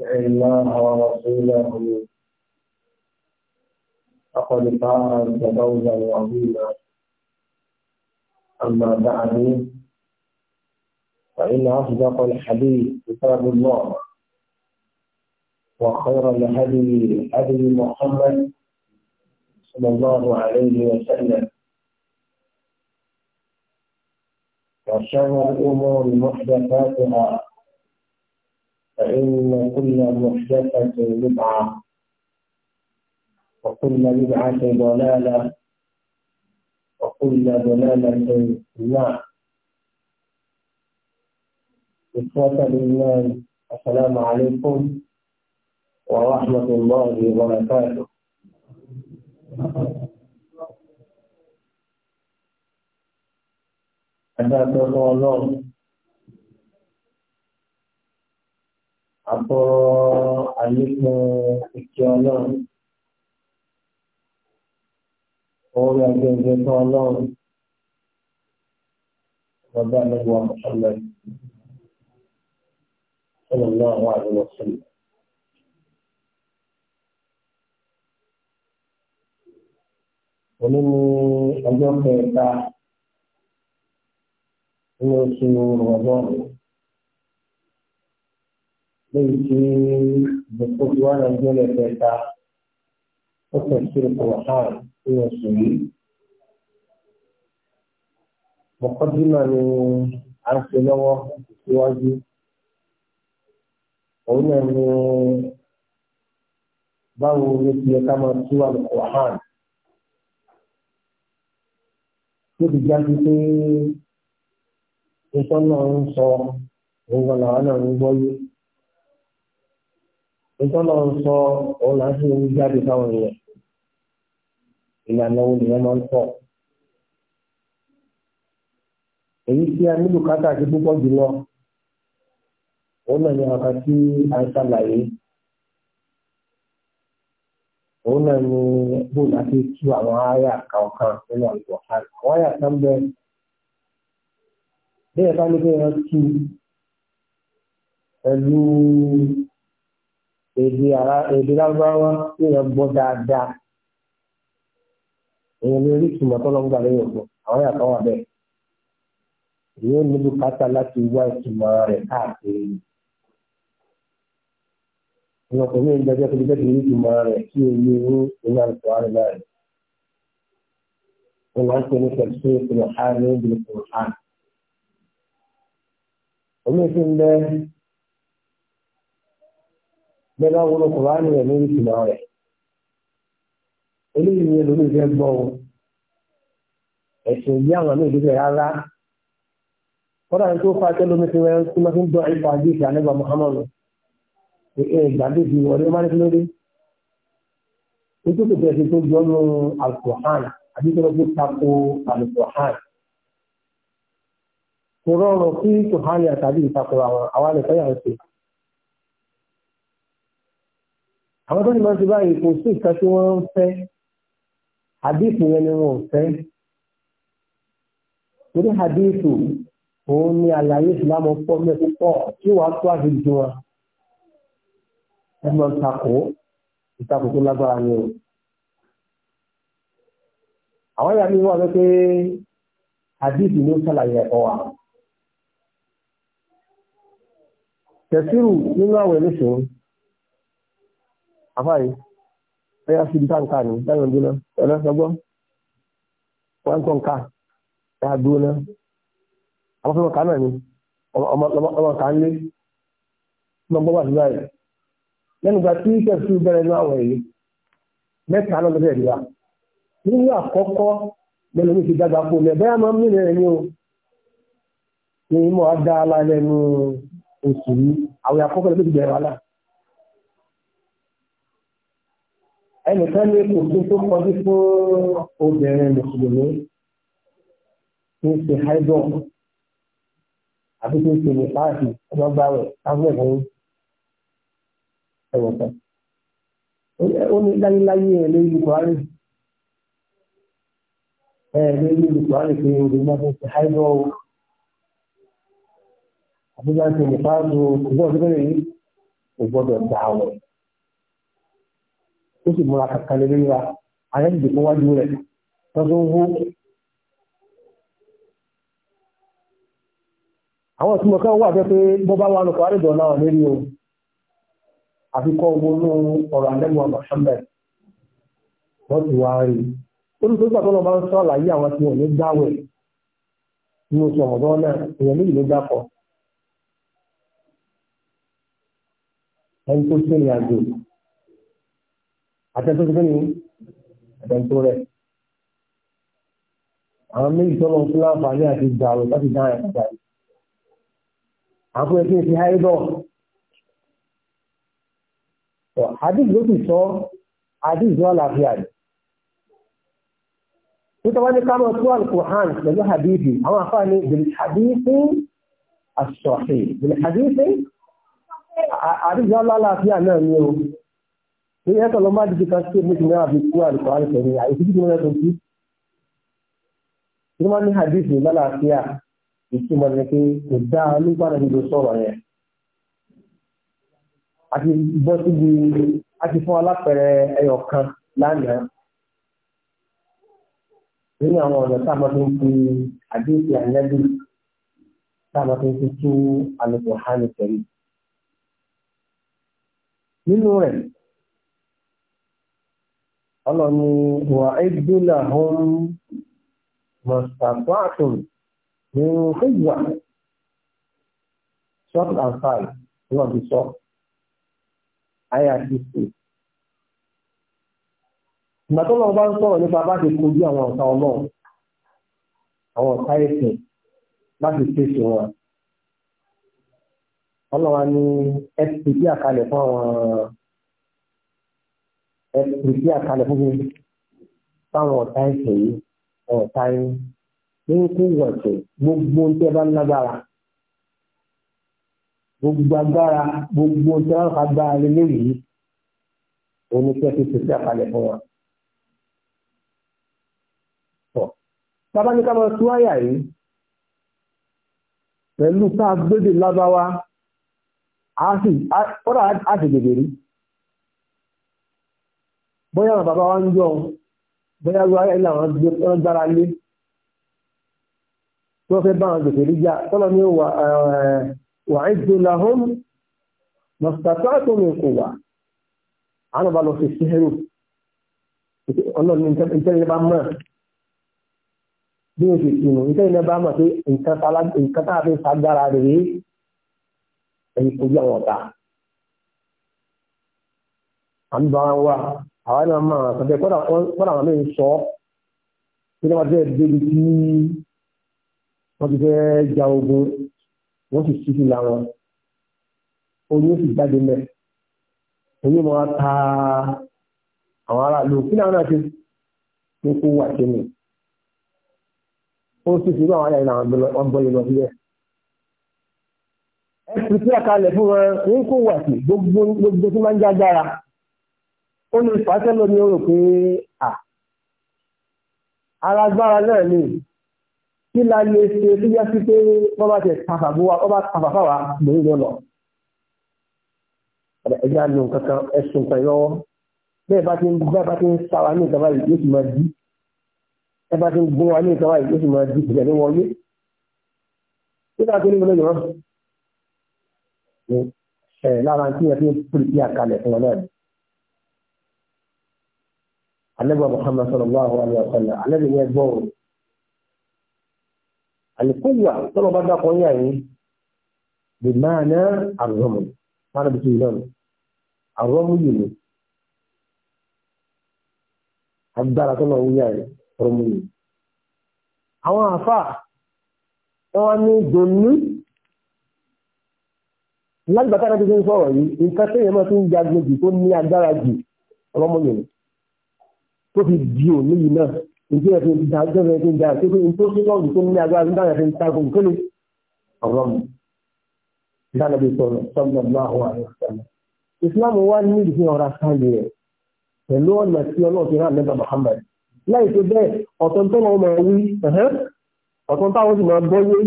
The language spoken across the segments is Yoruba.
الله ورسوله فقد فاز فوزا عظيما أما بعد فإن أصدق الحديث كتاب الله وخير الهدي هدي محمد صلى الله عليه وسلم وشر الأمور محدثاتها فإن كل محدثة بدعة وكل بدعة ضلالة وكل ضلالة في النار إخوة الإيمان السلام عليكم ورحمة الله وبركاته أنا الله àtọ́ àlékún ìkẹ́ ọlọ́run orí agbẹ́gbẹ́ tó ọlọ́run bàbá nígbà Muhammad sallallahu alaihi wasallam. Òní ni ọjọ́ kẹta nínú oṣù Rọ̀bọ́ọ̀nù lẹ́yìn tí ìgbésókè wà nàìjíríà lẹ́ẹ̀kẹta ó tẹ̀síre kò wà hàn nínú oṣù yìí. mọ̀kọ́dúnà ni à ń ṣe lọ́wọ́ síwájú. òun náà ni báwo ló ti yẹ ká máa tú àlùkò hàn. tó ti jáde pé ìtọ́nà ń sọ òun gan làwọn náà ń gbọ́ yìí nítorí wọn sọ òun náà sì ń jáde fáwọn èèyàn ìlànà òun nìyẹn máa ń pọ̀ èyí tí a nílò kátà sí púpọ̀ jùlọ òun náà ní ọkà tí a ń ṣàlàyé òun náà ní bóòlù àti tú àwọn àyà kọ̀ọ̀kan nínú àlùkò àwọn àyà kan bẹ bẹ́ẹ̀ bá ní bẹ́ẹ̀ tú pẹ̀lú èdè ara èdè lágbára yóò yẹ gbọ́ dáadáa èèyàn ní orí ìtumọ̀ tó lọ́gbà lórí ọ̀gbọ̀n àwọn yàtọ̀ wà bẹ́ẹ̀ èèyàn ní bùkátà láti wá ìtumọ̀ rẹ̀ káàkiri ní ọkùnrin ní ìdájọ́ tó dẹ́gbẹ́ ní ìtumọ̀ rẹ̀ kí o yé ní ìlú àlùkò àrùn náà rẹ̀ wọ́n máa ń ní pẹ̀lú ìpìlẹ̀ àárín ìbílẹ̀ kùrùhán. omi ìfín bẹ́ẹ̀ náà wọ́n kò wáá nìyẹn lórí ìtumọ̀ rẹ̀ eléyìí ni ẹlòmíì fẹ́ gbọ́ o ẹ̀sìn ìdí àwọn àmì ìdílé rárá kọ́dà tó fa tẹ́lómi ti wẹ́n tí wọ́n fi ń dọ̀ ipa àdéhìí àlẹ́bà Muhammadu ẹ̀ gbàdéhìí wọlé má ní lórí nítorí pé ẹ̀sìn tó jọ nù Al-Qur'an àbí tó lọ fi tako Al-Qur'an kò rọrùn kí kòhánì àtàbí ìtakùrọ̀ àwọn àwọn àlẹ́fẹ́ yàrá ṣe. àwọn tó ti máa ń ti báyìí kò sí ìka tí wọ́n ń fẹ́ àdíìsì yẹn ni wọn ò fẹ́ torí àdíìsì òun ni àlàyé ìsìlámù pọ̀ mẹ́fún pọ̀ tí wàá tó àfi ju wọn ẹ máa ń takò ìtakò tó lágbára ni o àwọn ìyá mi wà lọ pé àdíìsì ló ṣàlàyé ẹ̀kọ́ wa tẹ̀síìrù nínú àwẹ̀ lóṣooṣù àfáàyè ẹ̀yà sí ibi táǹkà ní dáhùn dúná ẹ̀rọ sọgbọ́ wọn kọ́ nǹka ẹ̀yà dúná àwọn fẹ́ràn náà ni ọmọ kan lé ọmọ gbọ́ wà sí báyìí lẹ́nu gba tí kẹ̀sì bẹ̀rẹ̀ ní àwọn èyí mẹ́ta náà lọ́sẹ̀ ìdíwá nínú àkọ́kọ́ lẹ́nu mi ti dàgbà fún mi ẹ̀bẹ́ àmọ́ mi rẹ̀ ni o ní mo á dá alálẹ́ nu oṣù yìí àwọn àkọ́kọ́ lẹ́nu ti bẹ̀rẹ̀ wàhálà ẹnìkan ní kò tó tó kọjú fún obìnrin mùsùlùmí tó ń ṣe haidọ àbí tó ń ṣe nípaàsì ọlọgbàwẹ káfíńtì ẹwọn kan ó ní láyéláyé ẹ lórí buhari ẹ lórí buhari pé obìnrin náà ń ṣe haidọ o àbí bá ṣe nípaàsì o kò yìí kò gbọ́dọ̀ dáwọ̀ ó sì múra kankan lé lórí wa ààrẹ ìdè kan wájú rẹ̀ tọ́tún hó àwọn ìtumọ̀ kan wà pé bọ́ bá wà lọ́kọ̀ àrídọ̀ náà lérí o àfikọ́ owó ní ọ̀rọ̀ àlẹ́mú àmọ̀ṣọ́mẹ̀ wọ́n ti wá rí olùsọ́gbà tó lọ bá ń sọ àlàyé àwọn tí wọ́n ní gbáwẹ̀ ní oṣù ọ̀mọ̀dọ́ náà èèyàn méjì ló dákọ̀ ẹni tó sẹ́yìn àjò àtẹ̀tọ́ tó ní àtẹ̀tọ́ rẹ̀. Àwọn méjì tọ́lọ̀ fún láǹfààní àti ìdàrú láti dá àyà padà. Àpò ẹ̀sìn ti háídọ̀. Àdìs ló sì sọ àdìs ló àlàáfíà rẹ̀. Nítorí wọ́n ní ká mọ̀ tó Al-Qur'an pẹ̀lú Habibi, àwọn afá ní Bìlì Habibi Asọ̀hìn. Bìlì Habibi Àdìs ló àlàáfíà náà ni o ní ẹ̀kọ́ lọ máa dìde káṣí mú ti ní àbí kú àlùkò àlùkò ní àyè títí mọ́ lẹ́tọ̀ọ́ sí. ní wọ́n ní hadith ní lálàáfíà ìtumọ̀ ní pé kò dáa nígbà náà níbi sọ̀rọ̀ yẹn. a ti bọ́ síbi a ti fún alápẹ̀rẹ̀ ẹyọ kan lánàá. nínú àwọn ọ̀nà tá a máa fi ń fi hadith ànẹ́bí tá a máa fi ń fi tú àlùkò hánì tẹ̀lé. nínú rẹ̀ ọlọ́ni wà ẹ́gbẹ́là hàn mọ̀sàtọ́àtùn nínú fẹ́gbà short and five ní ọ̀dún sọ ircc ìgbà tó lọ́wọ́ bá ń sọ̀rọ̀ nípa bá ti kojú àwọn ọ̀tá ọlọ́run àwọn ọ̀tá ẹ̀sìn láti pèsè wọn ọlọ́wà ni fpp àkalẹ̀ fún àwọn ẹ pèsè àkàlẹ̀ fún mi fáwọn ọ̀tá ẹ̀sẹ̀ yìí ọ̀tá yín ní kú wọ̀tẹ̀ gbogbo ohun tí ẹ bá ń lágbára gbogbo agbára gbogbo ohun tí ẹ bá ń fa agbára lélẹ́yìí òun ni kí ẹ bóyá àwọn bàbá wa ń jọ bóyá wá ẹ̀là àwọn gbé wọn gbára lé tí wọ́n fẹ́ bá àwọn gbèsè ríjà tọ́lọ ní wà ìdó lahom mọ̀sítàtà tó ní kò wà àwọn bá lọ sí sẹ́rù ọlọ́run ìtẹ́lẹ̀ bá mọ̀ bí o sì kìnnù ìtẹ́lẹ̀ bá mọ̀ àwa náà mọ̀ àwọn àkàndé kọ́dà àwọn mí sọ kí wọ́n fẹ́ débi tí wọ́n ti fẹ́ ja ogun wọ́n sì sí fìlà wọn oyún sì jáde mẹ́ oyún mọ́ ta àwọn aráàlú kí làwọn náà ti ní kó wà sí mi ó sì fi àwọn aráàlú náà wọ́n bọ́ yẹn lọ sílẹ̀ ẹ fi sí àkàlẹ̀ fún wọn ní kó wà sí gbogbo tí máa ń jágbára ó ní ìfàsẹ́lò ni ó rò pé à ara agbára náà ni kí la lè ṣe tó yẹ sí pé wọ́n bá ti tàfàbó wa wọ́n bá tàfàfà wa lórí lọ lọ. ẹ̀jẹ̀ àlò kankan ẹ̀sùn kan lọ́wọ́ bẹ́ẹ̀ bá ti ń bá ti ń sá wa ní ìjọba yìí yóò sì máa di ẹ bá ti ń gún wa ní ìjọba yìí yóò sì máa di ìjọba wọlé. nígbà tó ní ìlú yìí wọ́n lára tí wọ́n fi ń pèsè àkàlẹ̀ fún wọn náà annabi muhammad sallallahu alaihi wa sallam annabi yẹn gbọ́ o àlùkòyà tọ́lọ̀ bá dákọ̀ yà yín bí máa ná àrọ́mù máa bí tuyi lọ́nà àrọ́mù yìí ni agbára tọ́lọ̀ wúyà yín àrọ́mù yìí àwọn àfà wọn ní dòní lágbàtà náà ti ń sọ̀rọ̀ yìí nǹkan tẹ́yẹ̀ máa tún jagun jù tó ní agbára jù ọlọ́mọ yìí tó fi di òní yìí náà ìdí ẹ̀ fi ń da ọjọ́ ẹ̀ fi ń da ẹ̀ pé tó sí lọ́ọ̀dù tó ní agbára nígbà ẹ̀ fi ń tagun nìkéle ọ̀rọ̀ mu ìdáná bí sọ̀rọ̀ sọ́gbà náà wà ní ìsìlámù ìsìlámù wa ní ìdí ọ̀rá sáyé ẹ̀ pẹ̀lú ọ̀nà tí ọlọ́ọ̀tì rán mẹ́ta Muhammad láì tó bẹ́ẹ̀ ọ̀tọ̀ tó wọn máa wí ọ̀tọ̀ táwọn sì máa gbọ́ yé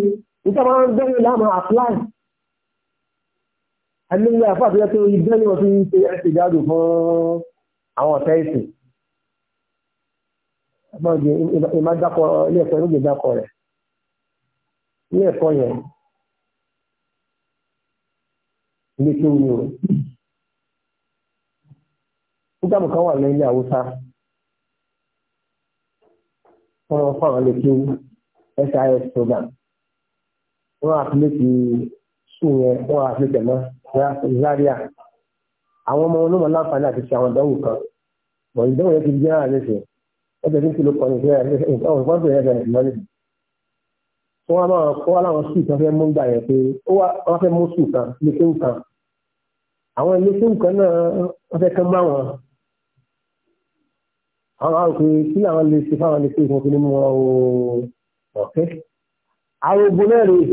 níta máa ń bẹ́ẹ̀ láàmú apply alẹ́ yẹn àfáàfẹ́ tó ibẹ́ ni àmọ́ ìdí ìmá dákọ̀ ilé ẹ̀kọ́ ìrúgbìn dákọ̀ rẹ̀ ilé ẹ̀kọ́ yẹn ilé tó ní o nígbàmù kan wà lẹ́yìn Haúsá wọ́n lọ tó SIS program sùn yẹn Zaria àwọn ọmọ onímọ̀ ọjọ́ tí kìlọ̀ kan ìṣẹ́ àwọn ìfọ́n bẹ̀rẹ̀ bẹ̀rẹ̀ ìmọ̀lẹ́ tí wọ́n máa kọ́ aláwọn sùn kan fẹ́ mú gbà yẹn pé ó wá fẹ́ mú sùn kan lékéwù kan àwọn lékéwù kan náà wọ́n fẹ́ kán bá wọn àwọn àwọn pé kí àwọn lè ṣe fáwọn lè ṣe ìfún fún mímú wọn o ọ̀kẹ́ àwọn ogun náà rèé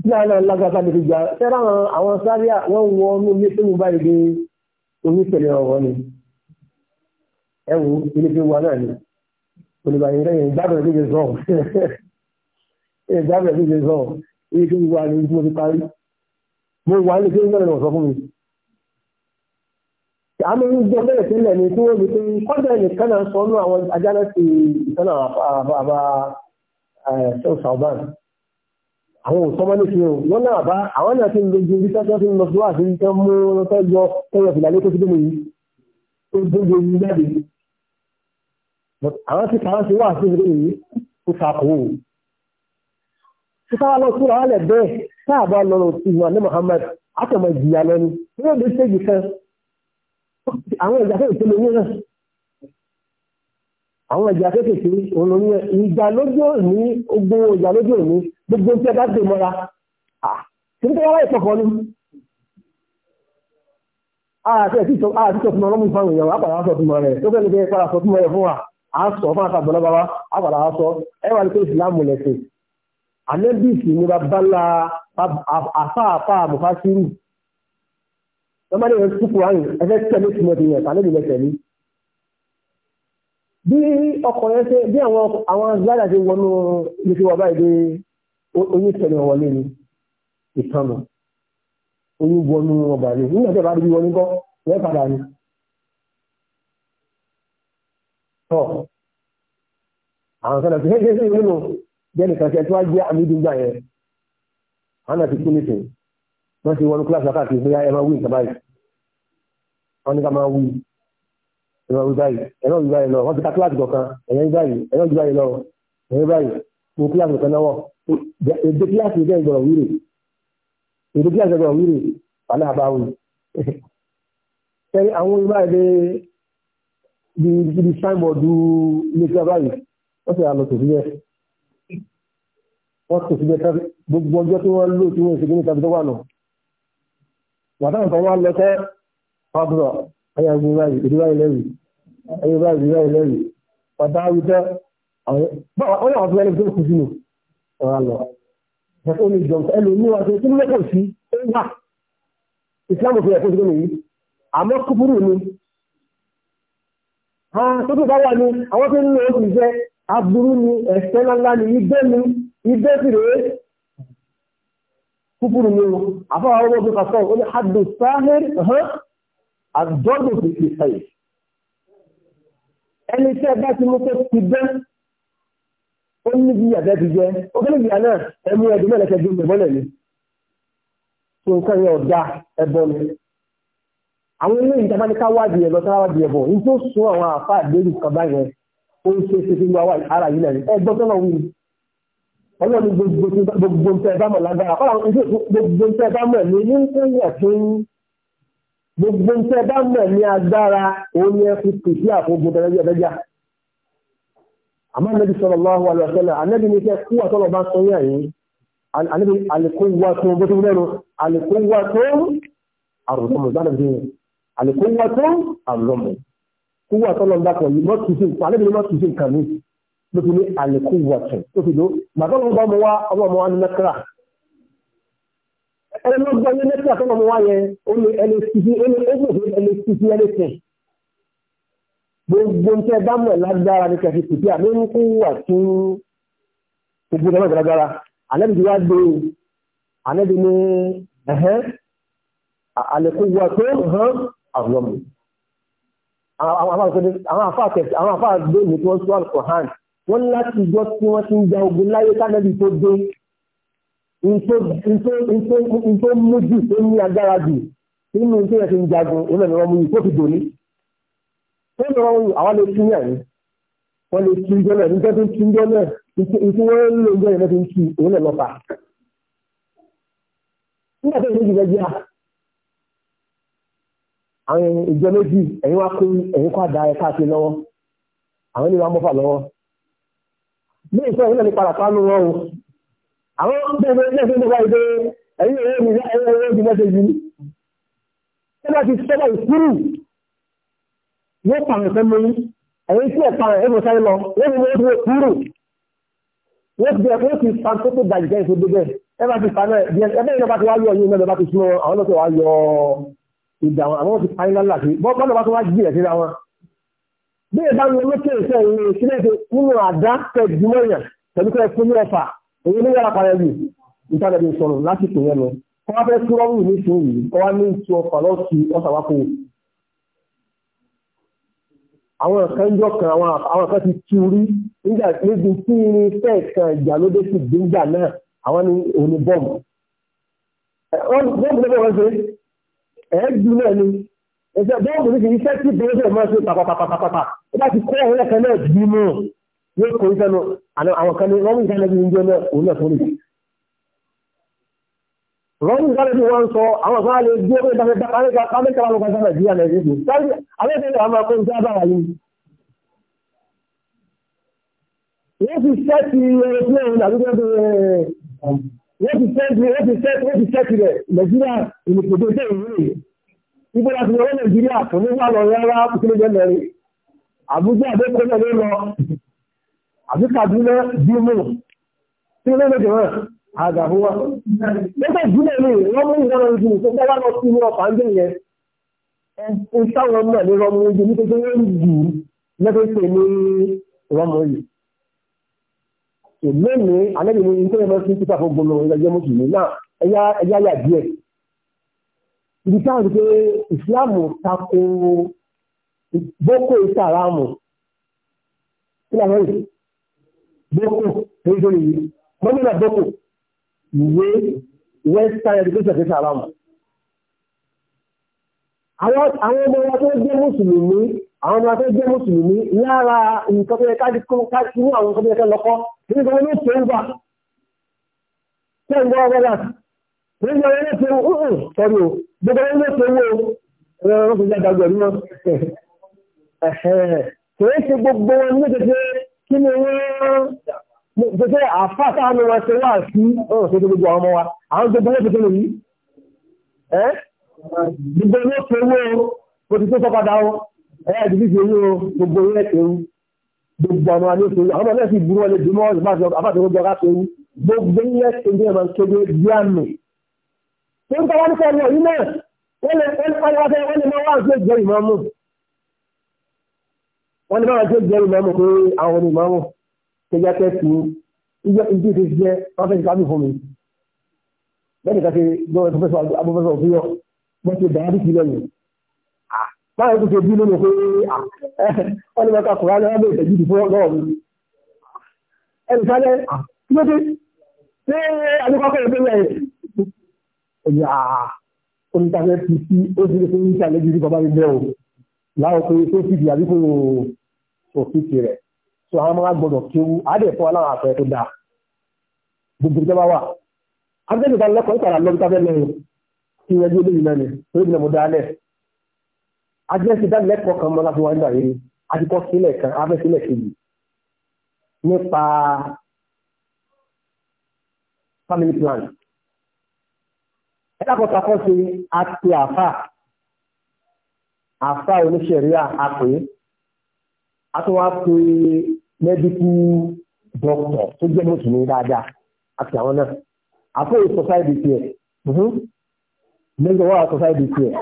tí àwọn alágbàtà lè fi gbà tẹ́lá àwọn sáré àwọn wọ inú lékéwù báyìí dé oníṣẹ̀lẹ̀ ọ̀wọ́ ni ẹ wo ilé fi wa náà ni olùbàdàn rẹ yẹn gbàgbọ́ ẹ̀dẹ́gbẹ̀ sọ gbàgbọ́ ẹ̀dẹ́gbẹ̀ sọ ilé fi wa ni mo ti parí mo wà ní kí n gbọ́dọ̀ lọ sọ fún mi. àmì ń jọ bẹ́ẹ̀ sílẹ̀ ni tí wọ́n fi pé kọ́dà nìkan náà sọ nú àwọn ajálẹ̀ sí ìtàn àbá ṣẹ́wù sàbán àwọn òsọmọ ní fi hàn wọn náà bá àwọn náà ti ń lo ju bí sẹ́kẹ́ fi ń lọ sí wà sí ń tẹ́ mú lọ́tọ́ yọ tẹ́yọ̀ fìlà lé tó fi dé mi yìí tó dé mi jáde but àwọn ti kàwọn ti wà sí ìlú yìí kó takò ó tí káwá lọ kúrò àwọn lẹ bẹ́ẹ̀ káàbọ̀ lọ ìlú àná Muhammad àtọmọ ìjìyà lọ ni wọn lè ṣèjì kan àwọn ìjà fẹẹ ìpele wọn àwọn ìjà kéékèèké olóyún ìjà lójú òní ogun ìjà lójú òní gbogbo tí bá dè mọ́ra kí n tó yára ìfọkọ ni àti ẹ̀sìn tó fún ọlọ́mú ìfọ̀hún ìyàwó àpàrà sọ fún ọ rẹ̀ tó fẹ́ lè fẹ́ para sọ fún ọ fún wa a sọ fún àtàbọ̀lọ́ bàbá àpàdà a sọ ẹwà ní pé ìsìláàmù lẹ́sìn anẹ́bìsì ní babalá afáàfá mufasiru lọ́mọdé yẹn túkú àyìn ẹfẹ́ tẹ̀lé tìmọ̀ ti yẹn tàlẹ́bì lẹ́sẹ̀ ní. bí ọkọ̀ yẹn ṣe bí àwọn àwọn gbádà ṣe wọnú ibi tí wọ́n báyìí dé oyún tẹ̀lé wọlé ni ìtànà oyún wọnú ọgbà ni nígbà tí a bá rí wọnú bọ́ wọ́n padà ni. tọ̀ àwọn kan náà fi hẹ́hẹ́ sí nínú jẹ́nì kan ṣe tí wá jẹ́ àmì ìdúgbà yẹn àwọn náà ti kú ní sìn wọ́n ti wọnú kíláàsì lákàtì bóyá ẹ máa wí nǹkan báyìí wọ́n ní ká máa wí ẹ máa wí báyìí ẹ náà wí báyìí lọ wọ́n ti ká kíláàsì kọ̀ọ̀kan ẹ̀yẹ́ wí báyìí ẹ náà wí báyìí lọ ẹ̀yẹ́ báyìí mo kíláàsì kan náwọ̀ èdè kíláàsì bẹ́ẹ̀ gbọ̀rọ̀ wíre èdè kíláàsì gbọ̀rọ̀ wíre wàhálà bá wí. ṣé àwọn ìbáyìí bí ibi sáìmọ̀dù iléeṣẹ́ báyìí wọ́n sì àlọ́ tòsí bẹ́ẹ̀ wọ́n tòsí bẹ́ẹ̀ tàbí gbogbo ọjọ́ tí wọ́n lò tí wọ́n ṣe gbé tàbí tó wà nù. wàtá nǹkan wọn lọ tẹ́ fábùrọ̀ ẹ̀yà ìgbìn báyìí ìdí báyìí lẹ́rìí ẹ̀yà báyìí ìdí báyìí lẹ́rìí wàtá wí tẹ́ wọ́n yà wọ́n fún ẹni tó kù sínú ọ̀rọ̀ lọ. ẹ̀fọ́ mi jọ̀ ẹlòmíràn àti ìsìlámù fún ẹ̀kọ́ tókù bá wà ní àwọn tó ń lò ó jẹ́ aburú ni ẹ̀ṣẹ̀ lọ́lá ni ibẹ́ ni ibẹ́ sì rèé kúkúrú ni wọn àfọwọ́ ọmọ ògbé kàtọ́ ó ní hadu sahir hàn àdọ́gbò tó ti sẹ́yìn ẹni tí ẹgbẹ́ ti mú tó ti dẹ́ ó ní bí àbẹ́ ti jẹ́ ó kẹ́lẹ́ ìyá náà ẹmú ẹdùn mẹ́lẹ́kẹ́ àwọn ilé ìjọba ní káwádìí ẹ̀ lọ sáwádìí ẹ̀bọ̀ ní tó sún àwọn àfá àgbérí kan báyẹn ó ń ṣe ṣe wá ara yìí lẹ́yìn ẹgbọ́n tó náà wí ọlọ́run ní gbogbo ń tẹ́ bá mọ̀ lágbára kọ́ra gbogbo ń tẹ́ bá mọ̀ ní ní kúnyẹ̀ tó ń gbogbo ń tẹ́ bá mọ̀ ní agbára òun ni ẹ fi pè sí àfogun tẹ́lẹ̀ ẹ̀dẹ́jà àmọ́ Ànábì sallallahu alaihi wasallam Ànábì ní kẹ́ kú àtọ́lọ̀ bá sọ yẹ̀ yìí Ànábì alìkúwà tó ń bó tó ń àlùkòwà tó àrọ̀mù kúwà tó lọ́n dákọ̀ yìí mọ́tìsí alẹ́bìnrin mọ́tìsí nǹkan mi ló fi ní àlùkòwà tó tó fi ló màtọ́ lọ́n bá ọmọ wa ọmọ ọmọ wa ní nẹ́kírà ẹni lọ́n gbọ́ ní nẹ́kírà tó lọ́mọ wa yẹn ó ní ẹlẹ́sìsì ẹlẹ́sìsì ẹlẹ́sìn gbogbo ń tẹ́ bá mọ̀ lágbára ní kẹfì kùtì àbí ń kúwà tó gbogbo náà lágbára alẹ́bìnrin wa dé alẹ́bìnrin ẹ̀hẹ́ àlùkòwà tó hàn àrùlọ́mù. Àwọn àfáà lónìí tí wọ́n sọ Al-Qur'an wọ́n láti ìjọ tí wọ́n ti ń ja ogun láyé tánẹ́bì tó dé nító mójú tó ní agbára jù nínú tó yẹ ti ń jagun òun náà ni wọ́n mú yìí tó fi dòní. Wọ́n lọ wọ́n àwọn lè tún yàn ní wọ́n lè tún jọ́ náà nígbà tó ń tún jọ́ náà ìtú wọ́n ń lò ń jọ́ yẹn lọ́ti ń tún òun náà lọ́pàá. Nígbà tó ń lè jù lọ jẹ́ àwọn ìjọ méjì ẹ̀yin wá kó ẹ̀yin kó àdá ẹ̀ka àti lọ́wọ́ àwọn ènìyàn wá mọ́fà lọ́wọ́ bí ìṣe ìwé ní padà pánú wọn o àwọn bẹ́ẹ̀ bẹ́ẹ̀ bẹ́ẹ̀ bẹ́ẹ̀ wáyé ẹ̀yin ẹ̀yẹ mi ẹ̀yẹ ẹ̀yẹ mi mẹ́sẹ̀ yìí ṣé bá ti ṣẹ́ bá ìkúrù yóò pa àwọn ìfẹ́mi ẹ̀yin tí ẹ̀ pa ẹ̀ mọ̀ sáré lọ wọ́n mú wọn kúrò wọ́n ti bẹ̀rẹ̀ fún ti fa tó tó dàjẹ́ ìṣòdó bẹ́ẹ̀ ẹ bá ti fa náà ẹ bẹ́ẹ̀ ni wọ́n bá ti wá yọ ọyún náà bá ti sún àwọn náà ti wá yọ ọ́ ìdá wọn àwọn ti parí lálà sí bọ́ọ̀bọ́dọ̀ bá tó wá jìyà síra wọn bí ìbá ń lọ kí ìṣe ìrìn sílẹ̀ èdè nínú àdá tẹ̀gbìmọ̀ èèyàn pẹ̀lú pé fún ní ọfà èyí ní yàrá parẹ́ yìí ìtàdẹ̀ bí sọ̀rọ̀ lásìkò yẹn lọ wọ́n wá fẹ́ kí wọ́n wù ní sùn yìí wọ́n wá ní ìtú ọfà lọ́sí ọ̀sà wá fún àwọn kan jọ kan àwọn kan ti tú rí nígbà níbi tí irin fẹ́ kan ìjà ló dé sí gbígbà náà àwọn ni òní bọ́ọ̀mù wọ́n bọ́ọ̀mù lọ́wọ́ wọn ṣe ẹ̀ẹ́dù náà ni ẹ̀sẹ̀ bọ́ọ̀bù ní kì í sẹ́tì bẹ́ẹ̀rẹ̀ máa ṣe pàpàpàpàpà ó bá ti kọ́ ọ̀rẹ́ kan náà jù mọ́ yóò kó iṣẹ́ nu àwọn kan ní rọ́mù ìdánilẹ́bí ń jẹ́ náà òun náà fún mi. rọ́mù ìdánilẹ́bí wọn sọ àwọn kan lè gbé ọgbẹ́ ìdáfẹ́ dáfẹ́ kámẹ́kà wọn kan sára ìdíyà nàìjíríà yóò fi sẹ́tì ẹ̀rọ wọ́n ti sẹ́ẹ̀tì rẹ̀ wọ́n ti sẹ́ẹ̀tì rẹ̀ nàìjíríà ìlùkòdó tẹ̀ ìwé rẹ̀ ibo láti lọ́wọ́ nàìjíríà kò ní wà lọ rárá kúkúrú jẹ́ lẹ́rìí àbújá àbẹ́kọ́ náà ló lọ àbí kàdúná bímú tí wọ́n lọ́dọ̀ náà àgàhúwá lọ́dọ̀ ìjúlẹ̀ ní wọ́n mú ìwọ́n lọ ju tó bá lọ sí inú ọkọ̀ àńdé yẹn ń táwọn náà ló rọmú ojú nítorí wọ́n ń jù lọ́dọ̀ ìpè ní rọmú yìí tó lónìí alẹ́bí mi nítorí ẹ̀rọ sí títà fún gbogbo ẹgbẹ́ mùsùlùmí náà ẹ̀yà yà díẹ̀. ibi táwọn ti pé ìsìláàmù tako boko ìsàlámù kí ni àwọn yìí boko èyí tó lè yí mọ́mílà boko ìwé western education ìsàlámù àwọn ọmọ wọn tó jẹ́ mùsùlùmí àwọn ọmọ tó jẹ́ mùsùlùmí lára nǹkan tó yẹ káàdì kó káàdì ní àwọn nǹkan tó yẹ ká lọ́kọ́ nínú ìgbà wọn tó ń gbà tẹ́ǹgbọ́ ọgbà náà nínú ìgbà wọn tó ń o gbogbo wọn tó ń wò ó wọn fi jáde àgbẹ̀ mọ́ kìí ṣe gbogbo wọn ní tètè kí ni wọ́n tètè àfáàtà gbogbo owó fowó o ti tó sọ́padà o ẹ̀yà ìdílé fi owó gbogbo owó ẹ̀kẹ́rú gbogbo àwọn àmì òṣèlú àwọn ọmọdé sì burú ọlẹ́ dùnmọ́ àbájọ́gbọ́n jọra pẹ̀lú gbogbo ilé ẹ̀kẹ́rú ẹ̀mọ̀ kéde díàmì tó ń tọ́wọ́ nípa ọmọ yìí náà wọ́n lè máa wá àti ìjẹ́ ìmọ̀mù wọ́n wọ́n ti bàá bí kílẹ̀ yẹn. báyọ̀ tó ṣe bí nínú pé wọ́n ní mẹ́ta kùrá lọ́wọ́ bẹ̀rẹ̀ tẹ̀jú ìfọ́ lọ́wọ́ mi. ẹnì sálẹ̀ kí ló dé ṣé alúkọ́kọ́ rẹ̀ bẹ̀rẹ̀ yẹn. ẹ̀yà oníkàfẹ́ ti sí ó ti lè fún yíṣà lẹ́jú ní bàbá mi bẹ́ẹ̀ o láwọn pé tó fìdí àbí kò òfìsì rẹ̀ tó àwọn máa gbọdọ̀ kéwu àdẹ̀fọ́ aláwọ̀ àpẹẹrẹ tó dáa gbogbo ìjọba wà. abẹ́rẹ́ ìdánilẹ́kọ̀ọ́ ìkàrà lọ́dún tábẹ́lẹ́ kí n yẹjú olóyìn náà ni torí ìbílẹ̀ mo dálẹ̀ ajẹ́sí dánilẹ́kọ̀ọ́ kan mọ́ láti wá nígbà yìí àti kọ́ sílẹ̀ kan abẹ́ sílẹ̀ kejì nípa family plan ẹ̀dàkọ̀ta kan ṣe àti àfà àfà oníṣẹ̀ríà àpè àtúwá pé mẹ́díkù dọ́kítọ̀ tó jẹ́ mùsùlùmí dáadáa àti àwọn náà àfẹ́ ìsọsáìdì tiẹ̀ mhm nígbà wà sọ sáìdì tí ẹ̀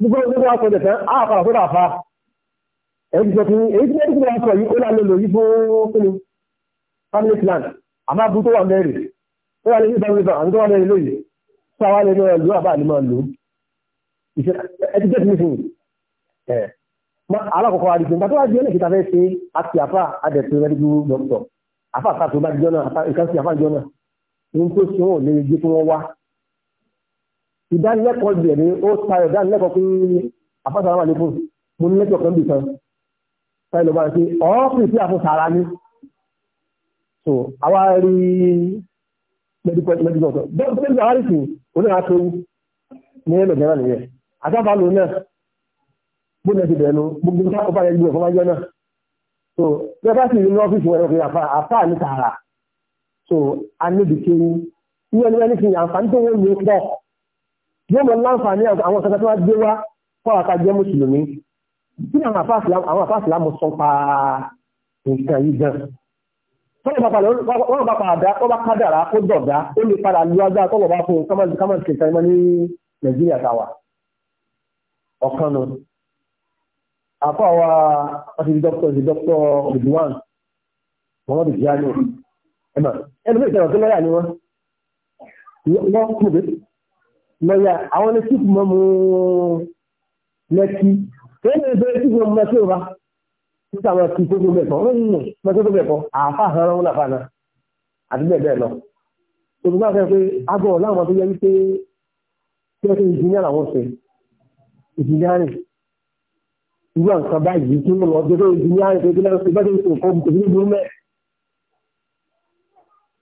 nígbà nígbà wà sọ jẹ̀ tán á fara sódà fa èyí ti sọ fún èyí tí wọ́n ti wọ́n sọ yìí ó lálẹ́ lò yìí fún kíni family plan àmọ́ abú tó wà mẹ́rin ó yà lè ní ìdáwọ́ ìbá àwọn tó wà mẹ́rin lóyè tó àwọn lè ní ẹ̀ lò àbá àlùmọ́ lò ẹ ti jẹ́ ti nísìnyí ẹ̀ alákọ̀ọ́kọ́ adigun gbàtọ́ wá di ẹlẹ́kìtà fẹ́ ṣe àti àfà adẹ̀tún mẹ́rin dọ́kítọ̀ àfà àfà tó bá dijọ́ náà nǹkan sí àfà dijọ́ náà ní tó ṣe wọn ò lè gbé tí wọ́n wá ìdánilẹ́kọ̀ọ́ ibẹ̀ ni ó tayọ̀ ìdánilẹ́kọ̀ọ́ pé àfọ́sàrà wà lẹ́kùn mo ní lẹ́kọ̀ọ́ kan bì kan táyì lọ́ba rẹ̀ pé ọ́ọ́fì sí àfọ́sàrà ni so àwa rí medical medical doctor bẹ́ẹ̀ bí wọ́n rí sí oníhà tó wú ní ẹ̀rọ ìjọba nìyẹn àtàbà lòun náà bó lẹ́sìn bẹ̀rẹ̀ nu gbogbo nǹkan so bẹ́ẹ̀ bá sì rí ní ọ́fíìsì wọn ẹ̀rọ àfà ní so a níbi kéwú ìyẹn ní ẹni fi àǹfààní tó wọ́n mú pọ̀ yóò mọ̀ láǹfààní àwọn ọ̀sán tó wá gbé wá fọ́ra ká jẹ́ mùsùlùmí kí ni àwọn àfáàsìlá mọ̀ sọ pa nǹkan yìí gan. wọ́n bá padà wọ́n bá kádàrá ó dọ̀dá ó lè padà lu agbára tó wọ́n bá fún un kámọ́sì kẹta ẹ̀mọ́ ní nàìjíríà táwa. ọ̀kan nu àfọ́ àwa ọtí dókítà ọtí dókítà Ridwan Muhammad Tijani ẹ̀mọ́ ẹni bí ìṣẹ̀lẹ̀ ni wọ́n. wọ́n kúrò lọ́yà àwọn ilé sípò mọ́ mú lẹ́kí tó ní ìbẹ̀rẹ̀ sípò mọ́ mọ́ sí òwa títà wọn kí gbogbo mẹ́kọ̀ wọ́n ń mọ́ sí gbogbo mẹ́kọ̀ àáfà hàn wọn làfà náà àti bẹ́ẹ̀ bẹ́ẹ̀ lọ. olùgbà fẹ́ pé agọ̀ láwọn tó yẹ wípé tí wọ́n ti ìjìnìyà làwọn ṣe ìjìnìyà rìn irú àǹkan báyìí tí wọ́n lọ gbẹ́gbẹ́ ìjìnìyà rìn tó gbẹ́gbẹ́ ìbẹ́gbẹ́ ìṣòkò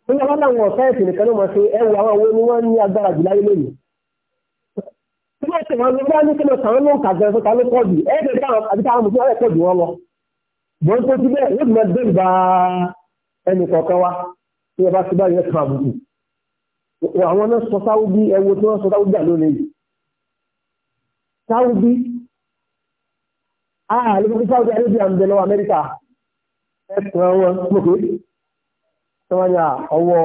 Nígbà wọn láwọn ọ̀sán ẹ̀sìn nìkan ló mọ̀ sí ẹwù àwọn owó ni wọ́n ní agbára jù láyé lónìí tí wọ́n tẹ̀wọ́n ló wá ní kí wọ́n sàwọn ló ń kàgbẹ́ fún ta ló pọ̀ jù ẹ̀ẹ́dẹ̀ táwọn àbí táwọn mùsùlùmí ọ̀rẹ́ pọ̀ jù wọn lọ. mọ̀ ń tó ti bẹ́ẹ̀ yóò máa dé ìgbà ẹnì kọ̀ọ̀kan wa tí wọ́n bá ti báyìí ẹ̀ka àbùkù. àwọn náà sọ sáwùbí ẹwo tí wọ́n sọ sáwùbí à lónìí yìí. sáwùbí a ah, lè fi sáwùbí arábíà ń bẹ lọ́wọ́ amẹ́ríkà ẹ̀sìn wọn mọ̀kè tí wọ́n yà ah, ọwọ́